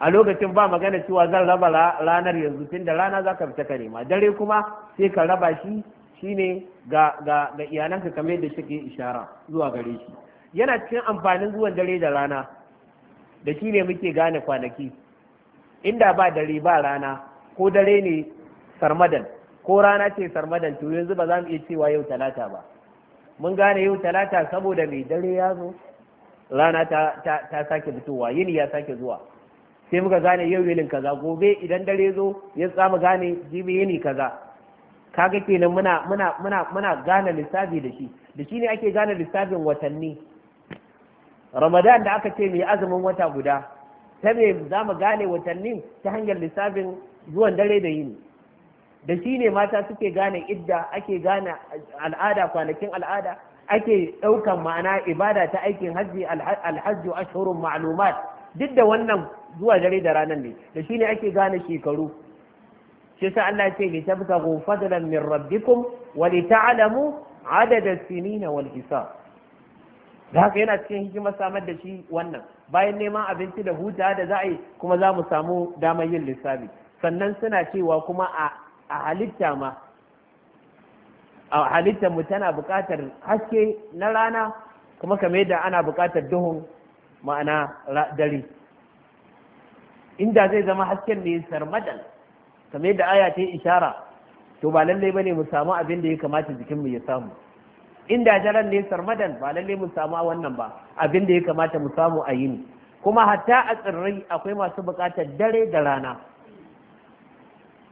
a lokacin ba magana cewa zan raba ranar yanzu tun da rana za ka fita ka nema dare kuma sai ka raba shi shine ga ga ga iyalanka kamar yadda suke ishara zuwa gare shi yana cikin amfanin zuwan dare da rana da shi ne muke gane kwanaki inda ba dare ba rana ko dare ne sarmadan ko rana ce sarmadan to yanzu ba za mu iya cewa yau talata ba mun gane yau talata saboda mai dare ya zo rana ta sake fitowa yini ya sake zuwa sai muka gane yau yilin kaza gobe idan dare zo ya samu gane jibi yini kaza kaga kenan muna muna muna muna gane lissafi da shi da shi ne ake gane lissafin watanni ramadan da aka ce mai azumin wata guda ta me za mu gane watanni ta hanyar lissafin zuwan dare da yini da shi ne mata suke gane idda ake gane al'ada kwanakin al'ada ake ɗaukan ma'ana ibada ta aikin hajji alhajju ashhurun ma'lumat duk da wannan zuwa dare da ranar ne da shi ne ake gane shekaru shi sa Allah ce li tabtaghu fadlan min rabbikum wa li ta'lamu adada as-sinina wal hisab da haka yana cikin hikimar samar da shi wannan bayan neman abinci da huta da za a yi kuma za mu samu damar yin lissafi sannan suna cewa kuma a halitta ma a halittar mu tana buƙatar haske na rana kuma kamar yadda ana buƙatar duhun ma'ana dare inda zai zama hasken ne sarmadan kamar yadda aya ta yi ishara to ba lallai bane mu samu abin da ya kamata jikinmu ya samu inda daren ne sarmadan ba lallai mu samu wannan ba abin da ya kamata mu samu a yini kuma hatta a tsirrai akwai masu buƙatar dare da rana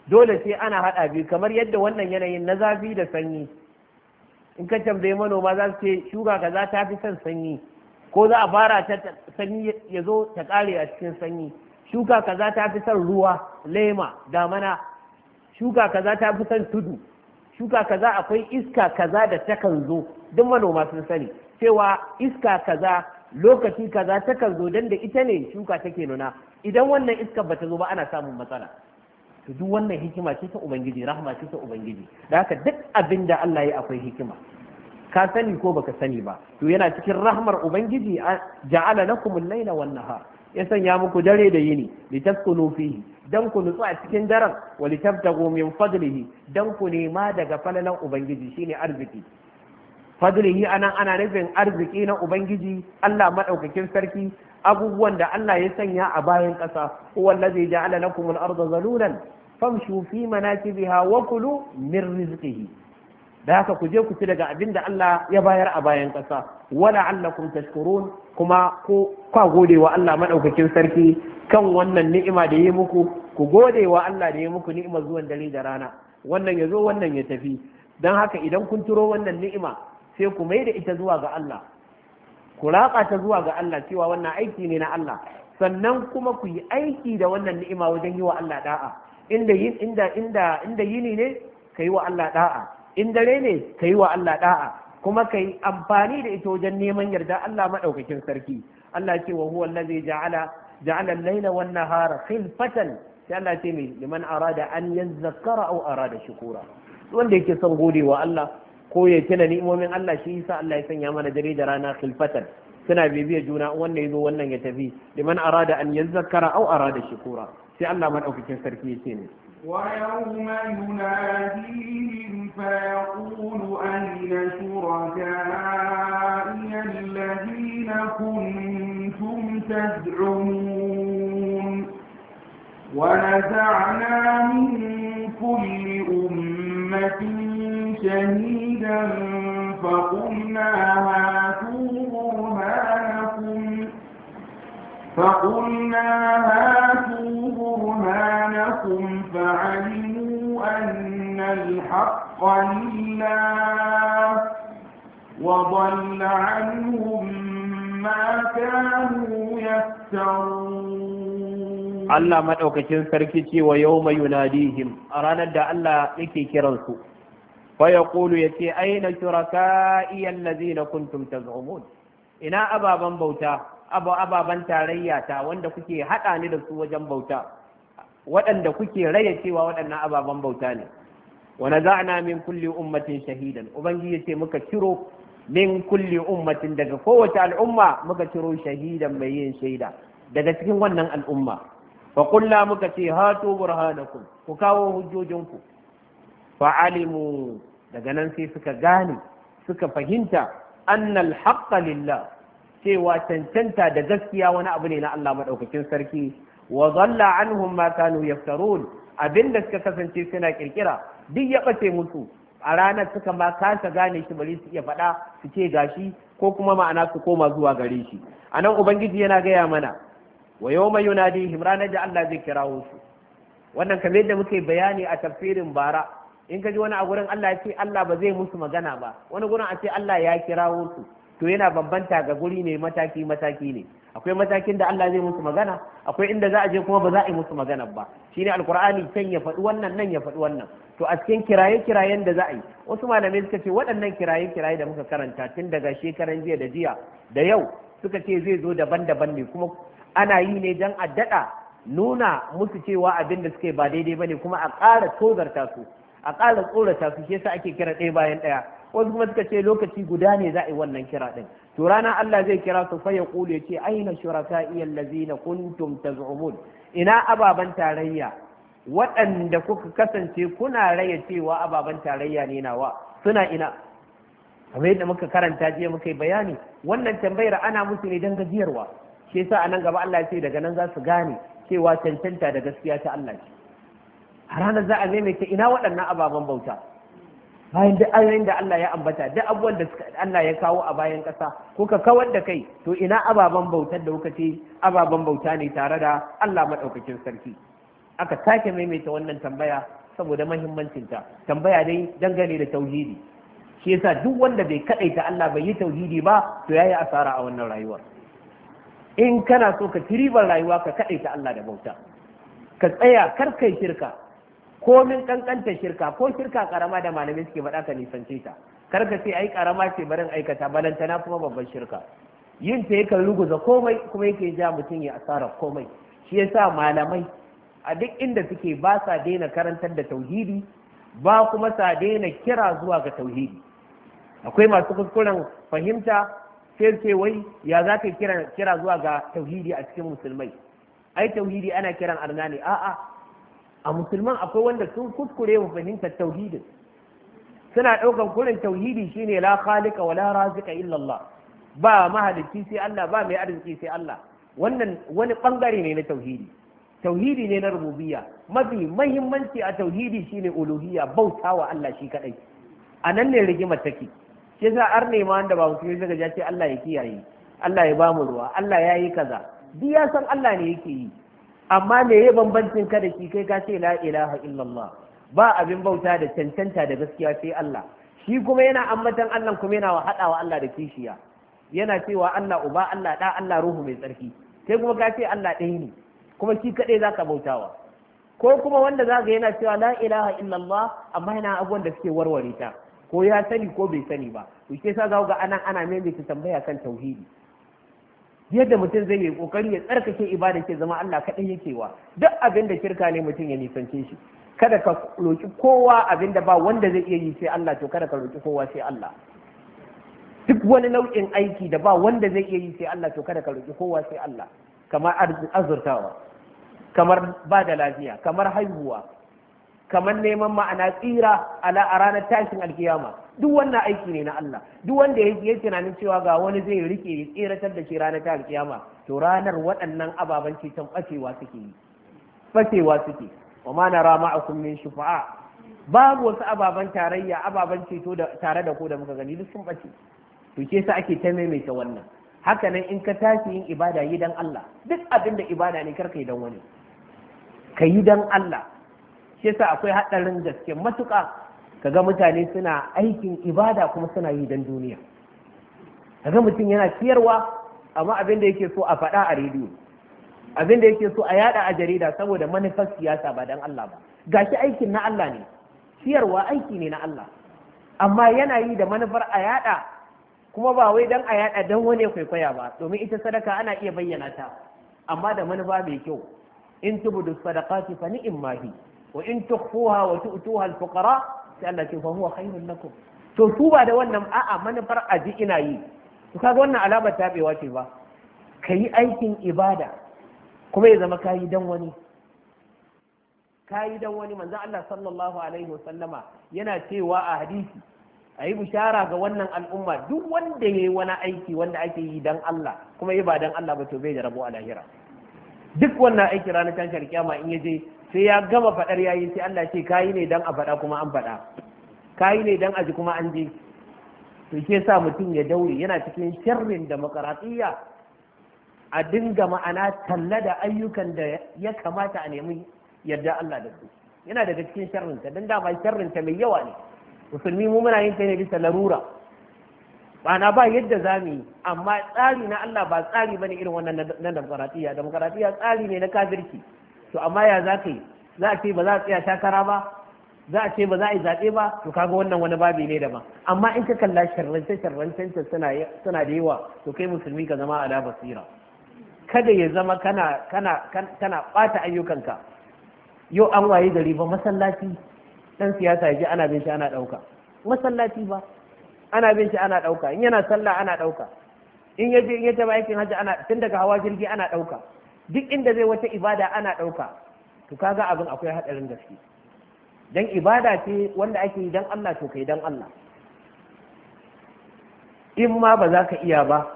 dole sai ana haɗa biyu kamar yadda wannan yanayin na zafi da sanyi in ka tambaye manoma za su ce shuka kaza ta fi son sanyi ko za a fara ta sanyi ya zo ta ƙare a cikin sanyi shuka kaza ta fi son ruwa lema damana shuka kaza ta fi son tudu shuka kaza akwai iska kaza da takan zo duk manoma sun sani cewa iska kaza lokaci kaza takan zo dan da ita ne shuka take nuna idan wannan iska bata zo ba ana samun matsala to duk wannan hikima ce ta ubangiji rahma ce ta ubangiji da haka duk abin da Allah ya akwai hikima ka sani ko baka sani ba to yana cikin rahmar ubangiji ja'ala lakum al-laila wan nahar ya sanya muku dare da yini litaskunu fihi dan ku nutsu a cikin daren wa litabtagu min fadlihi dan ku nema daga falalan ubangiji shine arziki fadlihi anan ana nufin arziki na ubangiji Allah madaukakin sarki abubuwan da Allah ya sanya a bayan ƙasa huwa zai ja'ala lakum al-ardha zalulan famshu fi manakibiha wa kulu min rizqihi da haka ku je ku ci daga abin da Allah ya bayar a bayan ƙasa wala allakum tashkurun kuma ko kwa gode wa Allah madaukakin sarki kan wannan ni'ima da yi muku ku gode wa Allah da yi muku ni'imar zuwan dare da rana wannan ya zo wannan ya tafi don haka idan kun turo wannan ni'ima sai ku mai da ita zuwa ga Allah ku raƙa ta zuwa ga Allah cewa wannan aiki ne na Allah sannan kuma ku yi aiki da wannan ni'ima wajen yi wa Allah da'a inda inda inda yini ne ka wa Allah da'a in dare ne ka yi wa Allah da'a kuma ka yi amfani da ita wajen neman yarda Allah maɗaukakin sarki Allah ce wa huwa allazi ja'ala ja'ala al-laila wan nahara khilfatan sai Allah ce mai liman arada an yazzakara aw arada shukura wanda yake son godewa Allah ko ya tuna ni'imomin Allah shi yasa Allah ya sanya mana dare da rana khilfatan suna bibiya juna wannan yazo wannan ya tafi liman arada an yazzakara aw arada shukura sai Allah madaukakin sarki yace ne ويوم يناديهم فيقول أين شركائي الذين كنتم تزعمون ونزعنا من كل أمة شهيدا فقلنا هاتوا برهانكم فقلنا هاتوا برهانكم فعلموا أن الحق لله وضل عنهم ما كانوا يفترون الله مدعوكتين سركتي ويوم يناديهم أرانا دا الله لكي كرنسو فيقول يتي أين شركائي الذين كنتم تزعمون إنا أبا بنبوتا abu ababen tarayya ta wanda kuke haɗa ni da su wajen bauta waɗanda kuke raya cewa waɗannan ababen bauta ne wa naza'na min kulli ummatin shahidan ubangiji ce muka ciro min kulli ummatin daga kowace al'umma muka ciro shahidan mai yin shaida daga cikin wannan al'umma fa muka ce Hato burhanakum ku kawo hujjojinku fa alimu daga nan sai suka gane suka fahimta annal haqqa lillah cewa cancanta da gaskiya wani abu ne na Allah madaukakin sarki wa zalla anhum ma kanu yaftarun abinda suka kasance suna kirkira duk ya bace musu a ranar suka ma kasa gane shi bari su iya faɗa su ce gashi ko kuma ma'ana su koma zuwa gare shi anan ubangiji yana gaya mana wa yawma yunadihim ranar da Allah zai kira su wannan kamar yadda muke bayani a tafsirin bara in ka ji wani a gurin Allah ya ce Allah ba zai musu magana ba wani gurin a ce Allah ya kira su to yana bambanta ga guri ne mataki mataki ne akwai matakin da Allah zai musu magana akwai inda za a je kuma ba za a yi musu magana ba shine alqur'ani can ya faɗi wannan nan ya faɗi wannan to a cikin kiraye kirayen da za a yi wasu malamai suka ce waɗannan kiraye kiraye da muka karanta tun daga shekaran jiya da jiya da yau suka ce zai zo daban-daban ne kuma ana yi ne don a daɗa nuna musu cewa abin da suke ba daidai ba ne kuma a ƙara tozarta su a ƙara tsorata su shi yasa ake kira ɗaya bayan ɗaya wasu kuma suka ce lokaci guda ne za a yi wannan kira ɗin to rana Allah zai kira su fa ya yace aina shuraka'i allazina kuntum taz'umun ina ababen tarayya waɗanda kuka kasance kuna raya cewa ababen tarayya ne nawa suna ina kamar yadda muka karanta jiya muka yi bayani wannan tambayar ana musu ne don gajiyarwa shi yasa a nan gaba Allah ya ce daga nan za su gane cewa cancanta da gaskiya ta Allah ce a ranar za a maimaita ina waɗannan ababen bauta bayan duk ayoyin da Allah ya ambata duk abubuwan da Allah ya kawo a bayan ƙasa ko ka kawar da kai to ina ababen bautar da kuka ce ababen bauta ne tare da Allah maɗaukakin sarki aka sake maimaita wannan tambaya saboda ta tambaya dai dangane da tauhidi shi yasa duk wanda bai kadaita Allah bai yi tauhidi ba to yayi asara a wannan rayuwar in kana so ka tiriban rayuwa ka kadaita Allah da bauta ka tsaya kar kai shirka komin kankanta shirka ko shirka karama da malamai suke faɗa ka nisance ta kar ka ce ai karama ce barin aikata na kuma babban shirka yin ta yakan ruguza komai kuma yake ja mutum ya asara komai shi yasa malamai a duk inda suke ba sa daina karantar da tauhidi ba kuma sa daina kira zuwa ga tauhidi akwai masu kuskuren fahimta sai ce wai ya za ka kira, kira zuwa ga tauhidi a cikin musulmai ai tauhidi ana kiran arna ne a'a a musulman akwai wanda sun kuskure mu fahimtar tauhidin suna ɗaukan kurin tauhidi shine la khaliqa wa la raziqa ba mahalicci sai Allah ba mai arziki sai Allah wannan wani bangare ne na tauhidi tauhidi ne na rububiyya mafi mahimmanci a tauhidi shine uluhiyya wa Allah shi kadai a nan ne rigimar take shi yasa ar ne ma wanda ba musulmi sai ya ce Allah ya kiyaye Allah ya bamu ruwa Allah ya yi kaza duk ya san Allah ne yake yi amma me ya bambancin kada da shi kai ka ce la ilaha illallah ba abin bauta da cancanta da gaskiya sai Allah shi kuma yana ambatan Allah kuma yana haɗawa Allah da kishiya yana cewa Allah uba Allah da Allah ruhu mai tsarki sai kuma ka ce Allah ɗaya ne kuma shi kaɗai zaka bautawa ko kuma wanda zaka yana cewa la ilaha illallah amma yana abubuwan da suke warware ta ko ya sani ko bai sani ba to sa yasa ga anan ana maimaita tambaya kan tauhidi yadda mutum zai yi kokari ya tsarkake ibada ke zama Allah kaɗai yake wa duk abin da shirka ne mutum ya nisance shi kada ka roki kowa abin da ba wanda zai iya yi sai Allah to kada ka roki kowa sai Allah duk wani nau'in aiki da ba wanda zai iya yi sai Allah to kada ka roki kowa sai Allah kamar azurtawa kamar ba da lafiya kamar haihuwa kamar neman ma'ana tsira ala a ranar tashin alkiyama duk wannan aiki ne na Allah duk wanda ya tunanin cewa ga wani zai rike ya tseratar da shi ranar ta alkiyama to ranar waɗannan ababen ceton ɓacewa suke yi ɓacewa suke wa ma rama a min shufa'a babu wasu ababen tarayya ababen ceto tare da ko da muka gani duk sun ɓace to ke sa ake ta maimaita wannan haka nan in ka tashi yin ibada yi dan Allah duk abin da ibada ne karka yi dan wani ka yi dan Allah ke yasa akwai haɗarin gaske matuƙa kaga mutane suna aikin ibada kuma suna yi don duniya kaga mutum yana ciyarwa amma abin da yake so a faɗa a rediyo abin da yake so a yada a jarida saboda manufar siyasa ba don Allah ba gashi aikin na Allah ne ciyarwa aiki ne na Allah amma yana yi da manufar a yada kuma ba wai don a yada don wani kwaikwaya ba domin ita sadaka ana iya bayyana ta amma da manufa mai kyau in tubudu sadaqati fa ni'im wa in tukhfuha wa tu'tuha al-fuqara sai Allah ce fa huwa khairun lakum to su ba da wannan a'a manufar aji ina yi to kaga wannan alamar tabewa ce ba kayi aikin ibada kuma ya zama kayi dan wani kayi dan wani manzo Allah sallallahu alaihi wasallama yana cewa a hadisi a yi bishara ga wannan al'umma duk wanda ya yi wani aiki wanda ake yi dan Allah kuma yi ba dan Allah ba to bai da rabo a lahira duk wannan aiki ranar tashar kyama in ya je sai ya gama faɗar yayi sai Allah ce kayi ne dan a faɗa kuma an faɗa kayi ne dan a ji kuma an ji to ke sa mutum ya daure yana cikin sharrin demokaratiyya a dinga ma'ana talla da ayyukan da ya kamata a nemi yarda Allah da su yana daga cikin sharrin ta dan dama sharrin ta mai yawa ne musulmi mu muna yin ta ne bisa larura bana ba yadda zamu yi amma tsari na Allah ba tsari bane irin wannan na demokaratiyya demokaratiyya tsari ne na kafirci to amma ya za ka yi za a ce ba za a tsaya shakara ba za a ce ba za a yi zaɓe ba to kaga wannan wani babi ne daban amma in ka kalla sharrance sharrancen suna da yawa to kai musulmi ka zama ala basira kada ya zama kana kana kana ɓata ayyukanka yau an waye gari ba masallaci dan siyasa ya ji ana bin shi ana ɗauka masallaci ba ana bin shi ana ɗauka in yana sallah ana ɗauka in ya je in ya taba aikin hajji ana tun daga hawa jirgi ana ɗauka duk inda zai wata ibada ana ɗauka to kaga abin akwai haɗarin gaske don ibada ce wanda ake yi don Allah to kai don Allah in ma ba za ka iya ba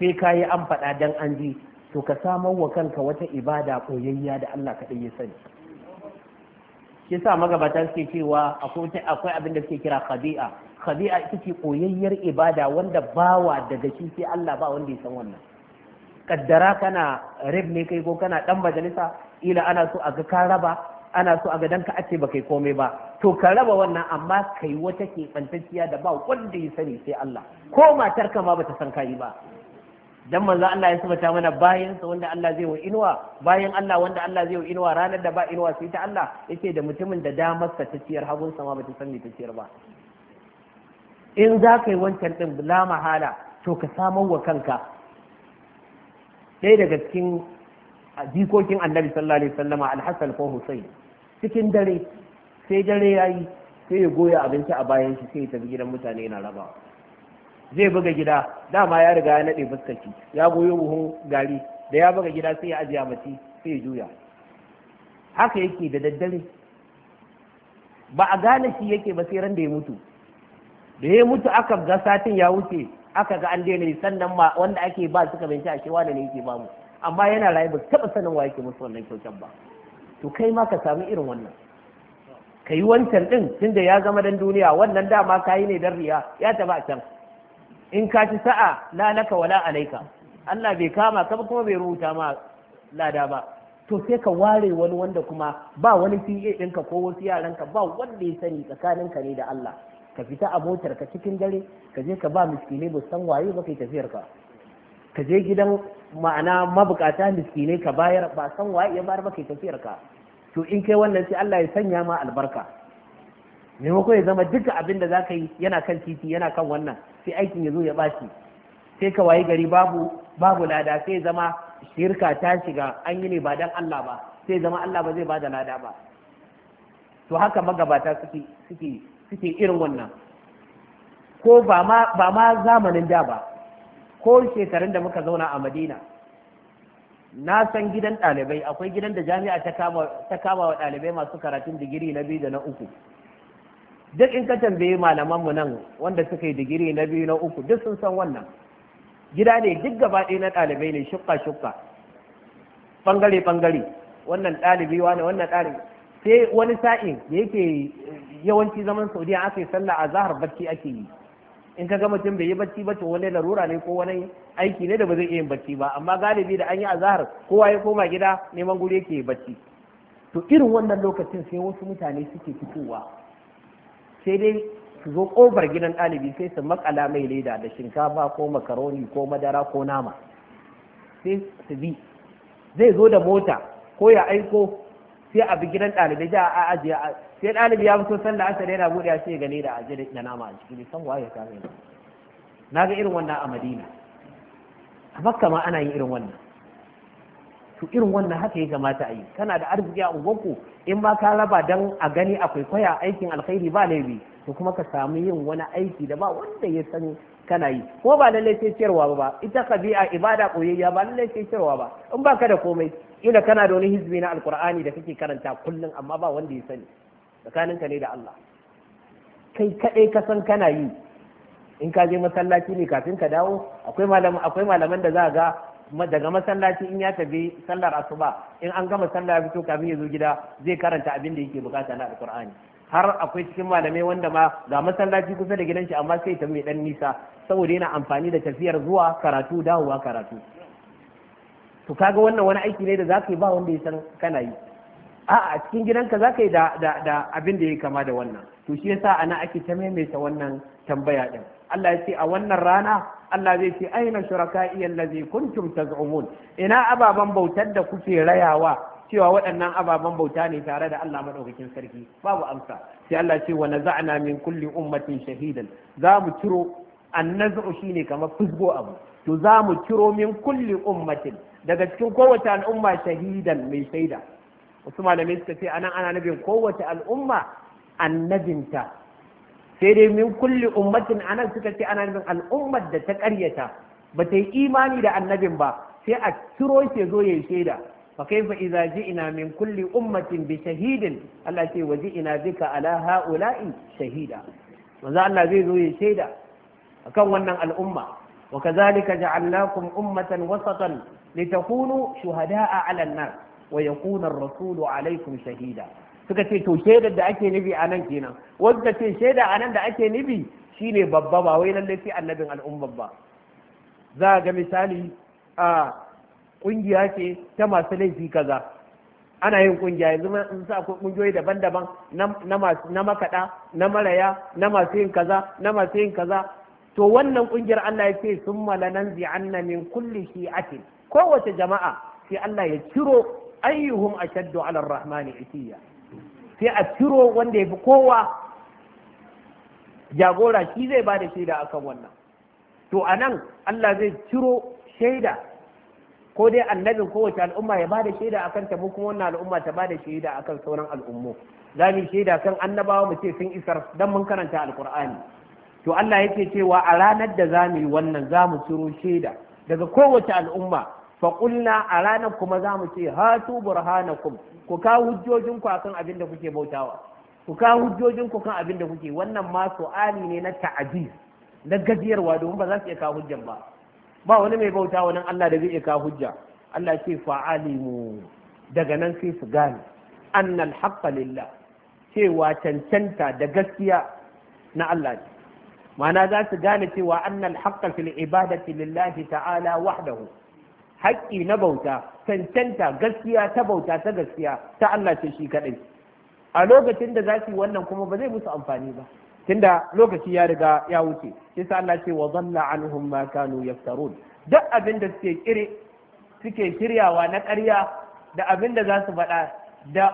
sai ka yi an faɗa dan an ji to ka samar wa kanka wata ibada koyayya da Allah kaɗai ya sani shi sa magabatan suke cewa akwai abin da suke kira khadi'a khadi'a ita ce koyayyar ibada wanda bawa daga shi Allah ba wanda ya san wannan kaddara kana rib ne kai ko kana dan majalisa ila ana so a ga ka raba ana so a ga dan ka ace ba kai komai ba to ka raba wannan amma kai wata keɓantacciya da ba wanda ya sani sai Allah ko matar ka ma bata san kai ba dan manzo Allah ya sabata mana bayan sa wanda Allah zai wa inuwa bayan Allah wanda Allah zai wa inuwa ranar da ba inuwa sai ta Allah yake da mutumin da damar sa ta ciyar hagun sa ma bata san ta ciyar ba in za ka yi wancan din la mahala to ka samar wa kanka ɗaya daga cikin jikokin annabi sallallahu alaihi wasallama alhassan ko husayn cikin dare sai dare yayi sai ya goya abinci a bayan shi sai ya tafi gidan mutane yana raba zai buga gida dama ya riga ya nade fuskaci ya goyo buhun gari da ya buga gida sai ya ajiya mace sai ya juya haka yake da daddare ba a gane shi yake ba sai ran da ya mutu da ya mutu aka ga satin ya wuce aka ga an daina sannan ma wanda ake ba suka binci a shewa da ne yake ba mu amma yana rayu ba taba sanin wa yake musu wannan kyautar ba to kai ma ka samu irin wannan ka yi wancan ɗin tunda ya zama dan duniya wannan dama ka yi ne dan riya ya taba a can in ka ci sa'a la laka wala alaika Allah bai kama ka kuma bai rubuta ma lada ba to sai ka ware wani wanda kuma ba wani fiye ɗinka ko wasu yaran ka ba wanda ya sani tsakaninka ne da Allah ka fita a motar ka cikin dare ka je ka ba miskinai ba san waye ba kai tafiyar ka ka je gidan ma'ana mabukata miskinai ka bayar ba san waye ya bayar ba kai tafiyar ka to in kai wannan sai Allah ya sanya ma albarka maimako ya zama duka abin da za ka yi yana kan titi yana kan wannan sai aikin ya zo ya ɓaci sai ka wayi gari babu babu lada sai ya zama shirka ta shiga an yi ne ba dan Allah ba sai ya zama Allah ba zai ba da lada ba to haka magabata suke suke suke irin wannan ko ba ma zamanin da ba ko shekarun da muka zauna a madina na san gidan ɗalibai akwai gidan da jami'a ta kama wa ɗalibai masu karatun digiri na biyu da na uku duk in ka tambayi malamanmu nan wanda suka yi digiri na biyu na uku duk sun san wannan gida ne duk gaba ɗaya na ɗalibai ne shukka shukka ɓangare ɓangare wannan ɗalibi wane wannan ɗalibi sai wani sa'in da yake yawanci zaman saudiya aka yi sallah a zahar bacci ake yi in ka ga mutum bai yi bacci ba to wani larura ne ko wani aiki ne da ba zai iya yin bacci ba amma galibi da an yi a zahar kowa ya koma gida neman guri yake bacci to irin wannan lokacin sai wasu mutane suke fitowa sai dai su zo kofar gidan ɗalibi sai su makala mai leda da shinkafa ko makaroni ko madara ko nama sai su bi zai zo da mota ko ya aiko sai a bi gidan ɗalibai da a ajiye sai ɗalibi ya fito sallah asar yana buɗe sai gane da ajiye da nama a cikin san waye ya kame ni na ga irin wannan a madina a makka ana yin irin wannan to irin wannan haka ya kamata a yi kana da arziki a unguwarku in ba ka raba dan a gani a kwaikwaya aikin alkhairi ba laifi to kuma ka samu yin wani aiki da ba wanda ya san kana yi ko ba lallai sai ciyarwa ba ita kabi'a ibada koyayya ba lallai sai ciyarwa ba in baka da komai kila kana da wani hizbi na alkur'ani da kake karanta kullum amma ba wanda ya sani tsakaninka ne da Allah kai kaɗai ka san kana yi in ka je masallaci ne kafin ka dawo akwai malaman akwai malaman da za ga daga masallaci in ya tafi sallar asuba in an gama sallar ya fito kafin ya zo gida zai karanta abin da yake bukata na alkur'ani har akwai cikin malamai wanda ma ga masallaci kusa da gidan shi amma sai ta mai dan nisa saboda yana amfani da tafiyar zuwa karatu dawowa karatu to kaga wannan wani aiki ne da za ka yi ba wanda ya san kana yi a'a a cikin gidanka za ka yi da da abin da ya kama da wannan to shi yasa ana ake ta maimaita wannan tambaya din Allah ya ce a wannan rana Allah zai ce aina shuraka'i allazi kuntum taz'umun ina ababan bautar da kuke rayawa cewa waɗannan ababen bauta ne tare da Allah madaukakin sarki babu amsa sai Allah ce wa naza'na min kulli ummatin shahidan za mu ciro annazu shine kamar fusgo abu to za mu kiro min kulli ummatin daga cikin kowace al'umma shahidan mai shaida wasu malamai suka ce anan ana nabin kowace al'umma annabinta sai dai min kulli ummatin anan suka ce ana nabin al'ummar da ta karyata ba ta yi imani da annabin ba sai a kiro shi zo ya shaida fa kaifa idza ji'na min kulli ummatin bi shahidin Allah ce wa ji'na bika ala ha'ula'i shahida manzo Allah zai zo ya shaida akan wannan al'umma وكذلك جعلناكم أمة وسطا لتكونوا شهداء على الناس ويكون الرسول عليكم شهيدا suka ce to shaidar da ake nufi a nan kenan wanda ce shaida a nan da ake nufi shine babba ba wai lalle sai annabin al'umma ba za ga misali a kungiya ce ta masu laifi kaza ana yin kungiya yanzu in sa akwai kungiyoyi daban-daban na makaɗa na maraya na masu yin kaza na masu yin kaza to wannan kungiyar Allah ya ce sun malanan zi'anna min kulli ake kowace jama'a sai Allah ya ciro ayyuhum shaddu ala rahmani itiya sai a ciro wanda ya fi kowa jagora shi zai ba da shaida akan wannan to a nan Allah zai ciro shaida ko dai annabin kowace al'umma ya ba da shaida akan ta kuma wannan al'umma ta ba da shaida akan sauran al'ummo. za mu shaida kan annabawa mu ce sun isar don mun karanta alqur'ani to Allah yake cewa a ranar da za mu yi wannan za mu ciro shaida daga kowace al'umma faƙulna a ranar kuma za mu ce hatu burhanakum ku ka hujjojinku akan abin da kuke bautawa ku ka hujjojinku kan abin da kuke wannan ma su'ali ne na ta'ajiz na gajiyarwa domin ba za su iya kawo hujjan ba ba wani mai bauta nan Allah da zai iya kawo hujja Allah ce fa'alimu daga nan sai su gane annal haqqa lillah cewa cancanta da gaskiya na Allah ne ma'ana za su gane cewa annal haqqa fil ibadati lillahi ta'ala wahdahu haƙƙi na bauta cancanta gaskiya ta bauta ta gaskiya ta Allah ce shi kaɗai a lokacin da za su yi wannan kuma ba zai musu amfani ba tunda lokaci ya riga ya wuce shi sa Allah ce wa zalla anhum ma kanu yaftarun duk abin da suke kire suke shiryawa na ƙarya da abin da za su faɗa da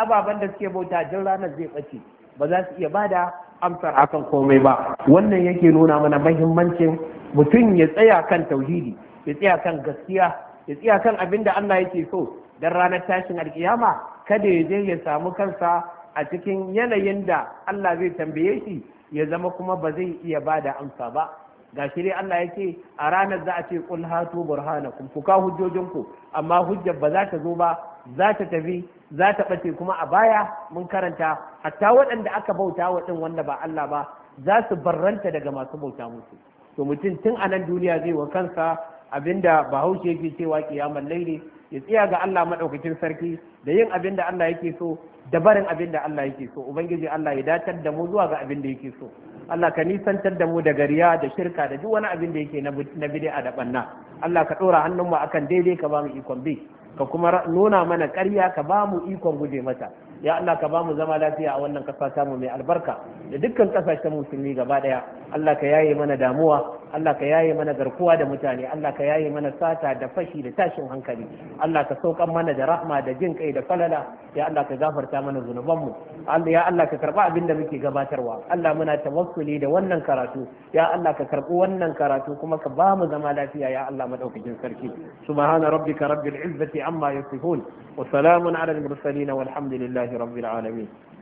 ababen da suke bauta jin ranar zai ɓace ba za su iya bada amsar akan komai ba wannan yake nuna mana mahimmancin mutum ya tsaya kan tauhidi ya tsaya kan gaskiya ya tsaya kan abin da Allah yake so dan ranar tashin alkiyama kada ya je ya samu kansa a cikin yanayin da Allah zai tambaye shi ya zama kuma ba zai iya ba da amsa ba ga shi dai Allah yake a ranar za a ce kul hatu burhanakum fuka hujjojinku amma hujjar ba za ta zo ba za ta tafi za ta ɓace kuma a baya mun karanta hatta waɗanda aka bauta wa ɗin wanda ba Allah ba za su barranta daga masu bauta musu to mutum tun a nan duniya zai wa kansa abinda bahaushe yake cewa kiyaman laili ya tsaya ga Allah maɗaukacin sarki da yin abinda da Allah yake so da barin abinda da Allah yake so ubangiji Allah ya datar da mu zuwa ga abin da yake so Allah ka nisantar da mu da gariya da shirka da duk wani abin da yake na bid'a da banna Allah ka ɗora hannun mu akan daidai ka ba mu ikon bi ka kuma nuna mana ƙarya ka ba mu ikon guje mata ya Allah ka ba mu zama lafiya a wannan ƙasa tamu mai albarka da dukkan ƙasashen musulmi gaba ɗaya Allah ka yaye mana damuwa Allah ka yaye mana garkuwa da mutane Allah ka yaye mana sata da fashi da tashin hankali Allah ka saukan mana da rahma da jin kai da falala ya Allah ka gafarta mana zunubanmu mu ya Allah ka karba abin da muke gabatarwa Allah muna tawassuli da wannan karatu ya Allah ka karbi wannan karatu kuma ka ba mu zama lafiya ya Allah madaukakin sarki subhana rabbika rabbil izzati amma yasifun wa salamun ala al mursalin walhamdulillahi rabbil alamin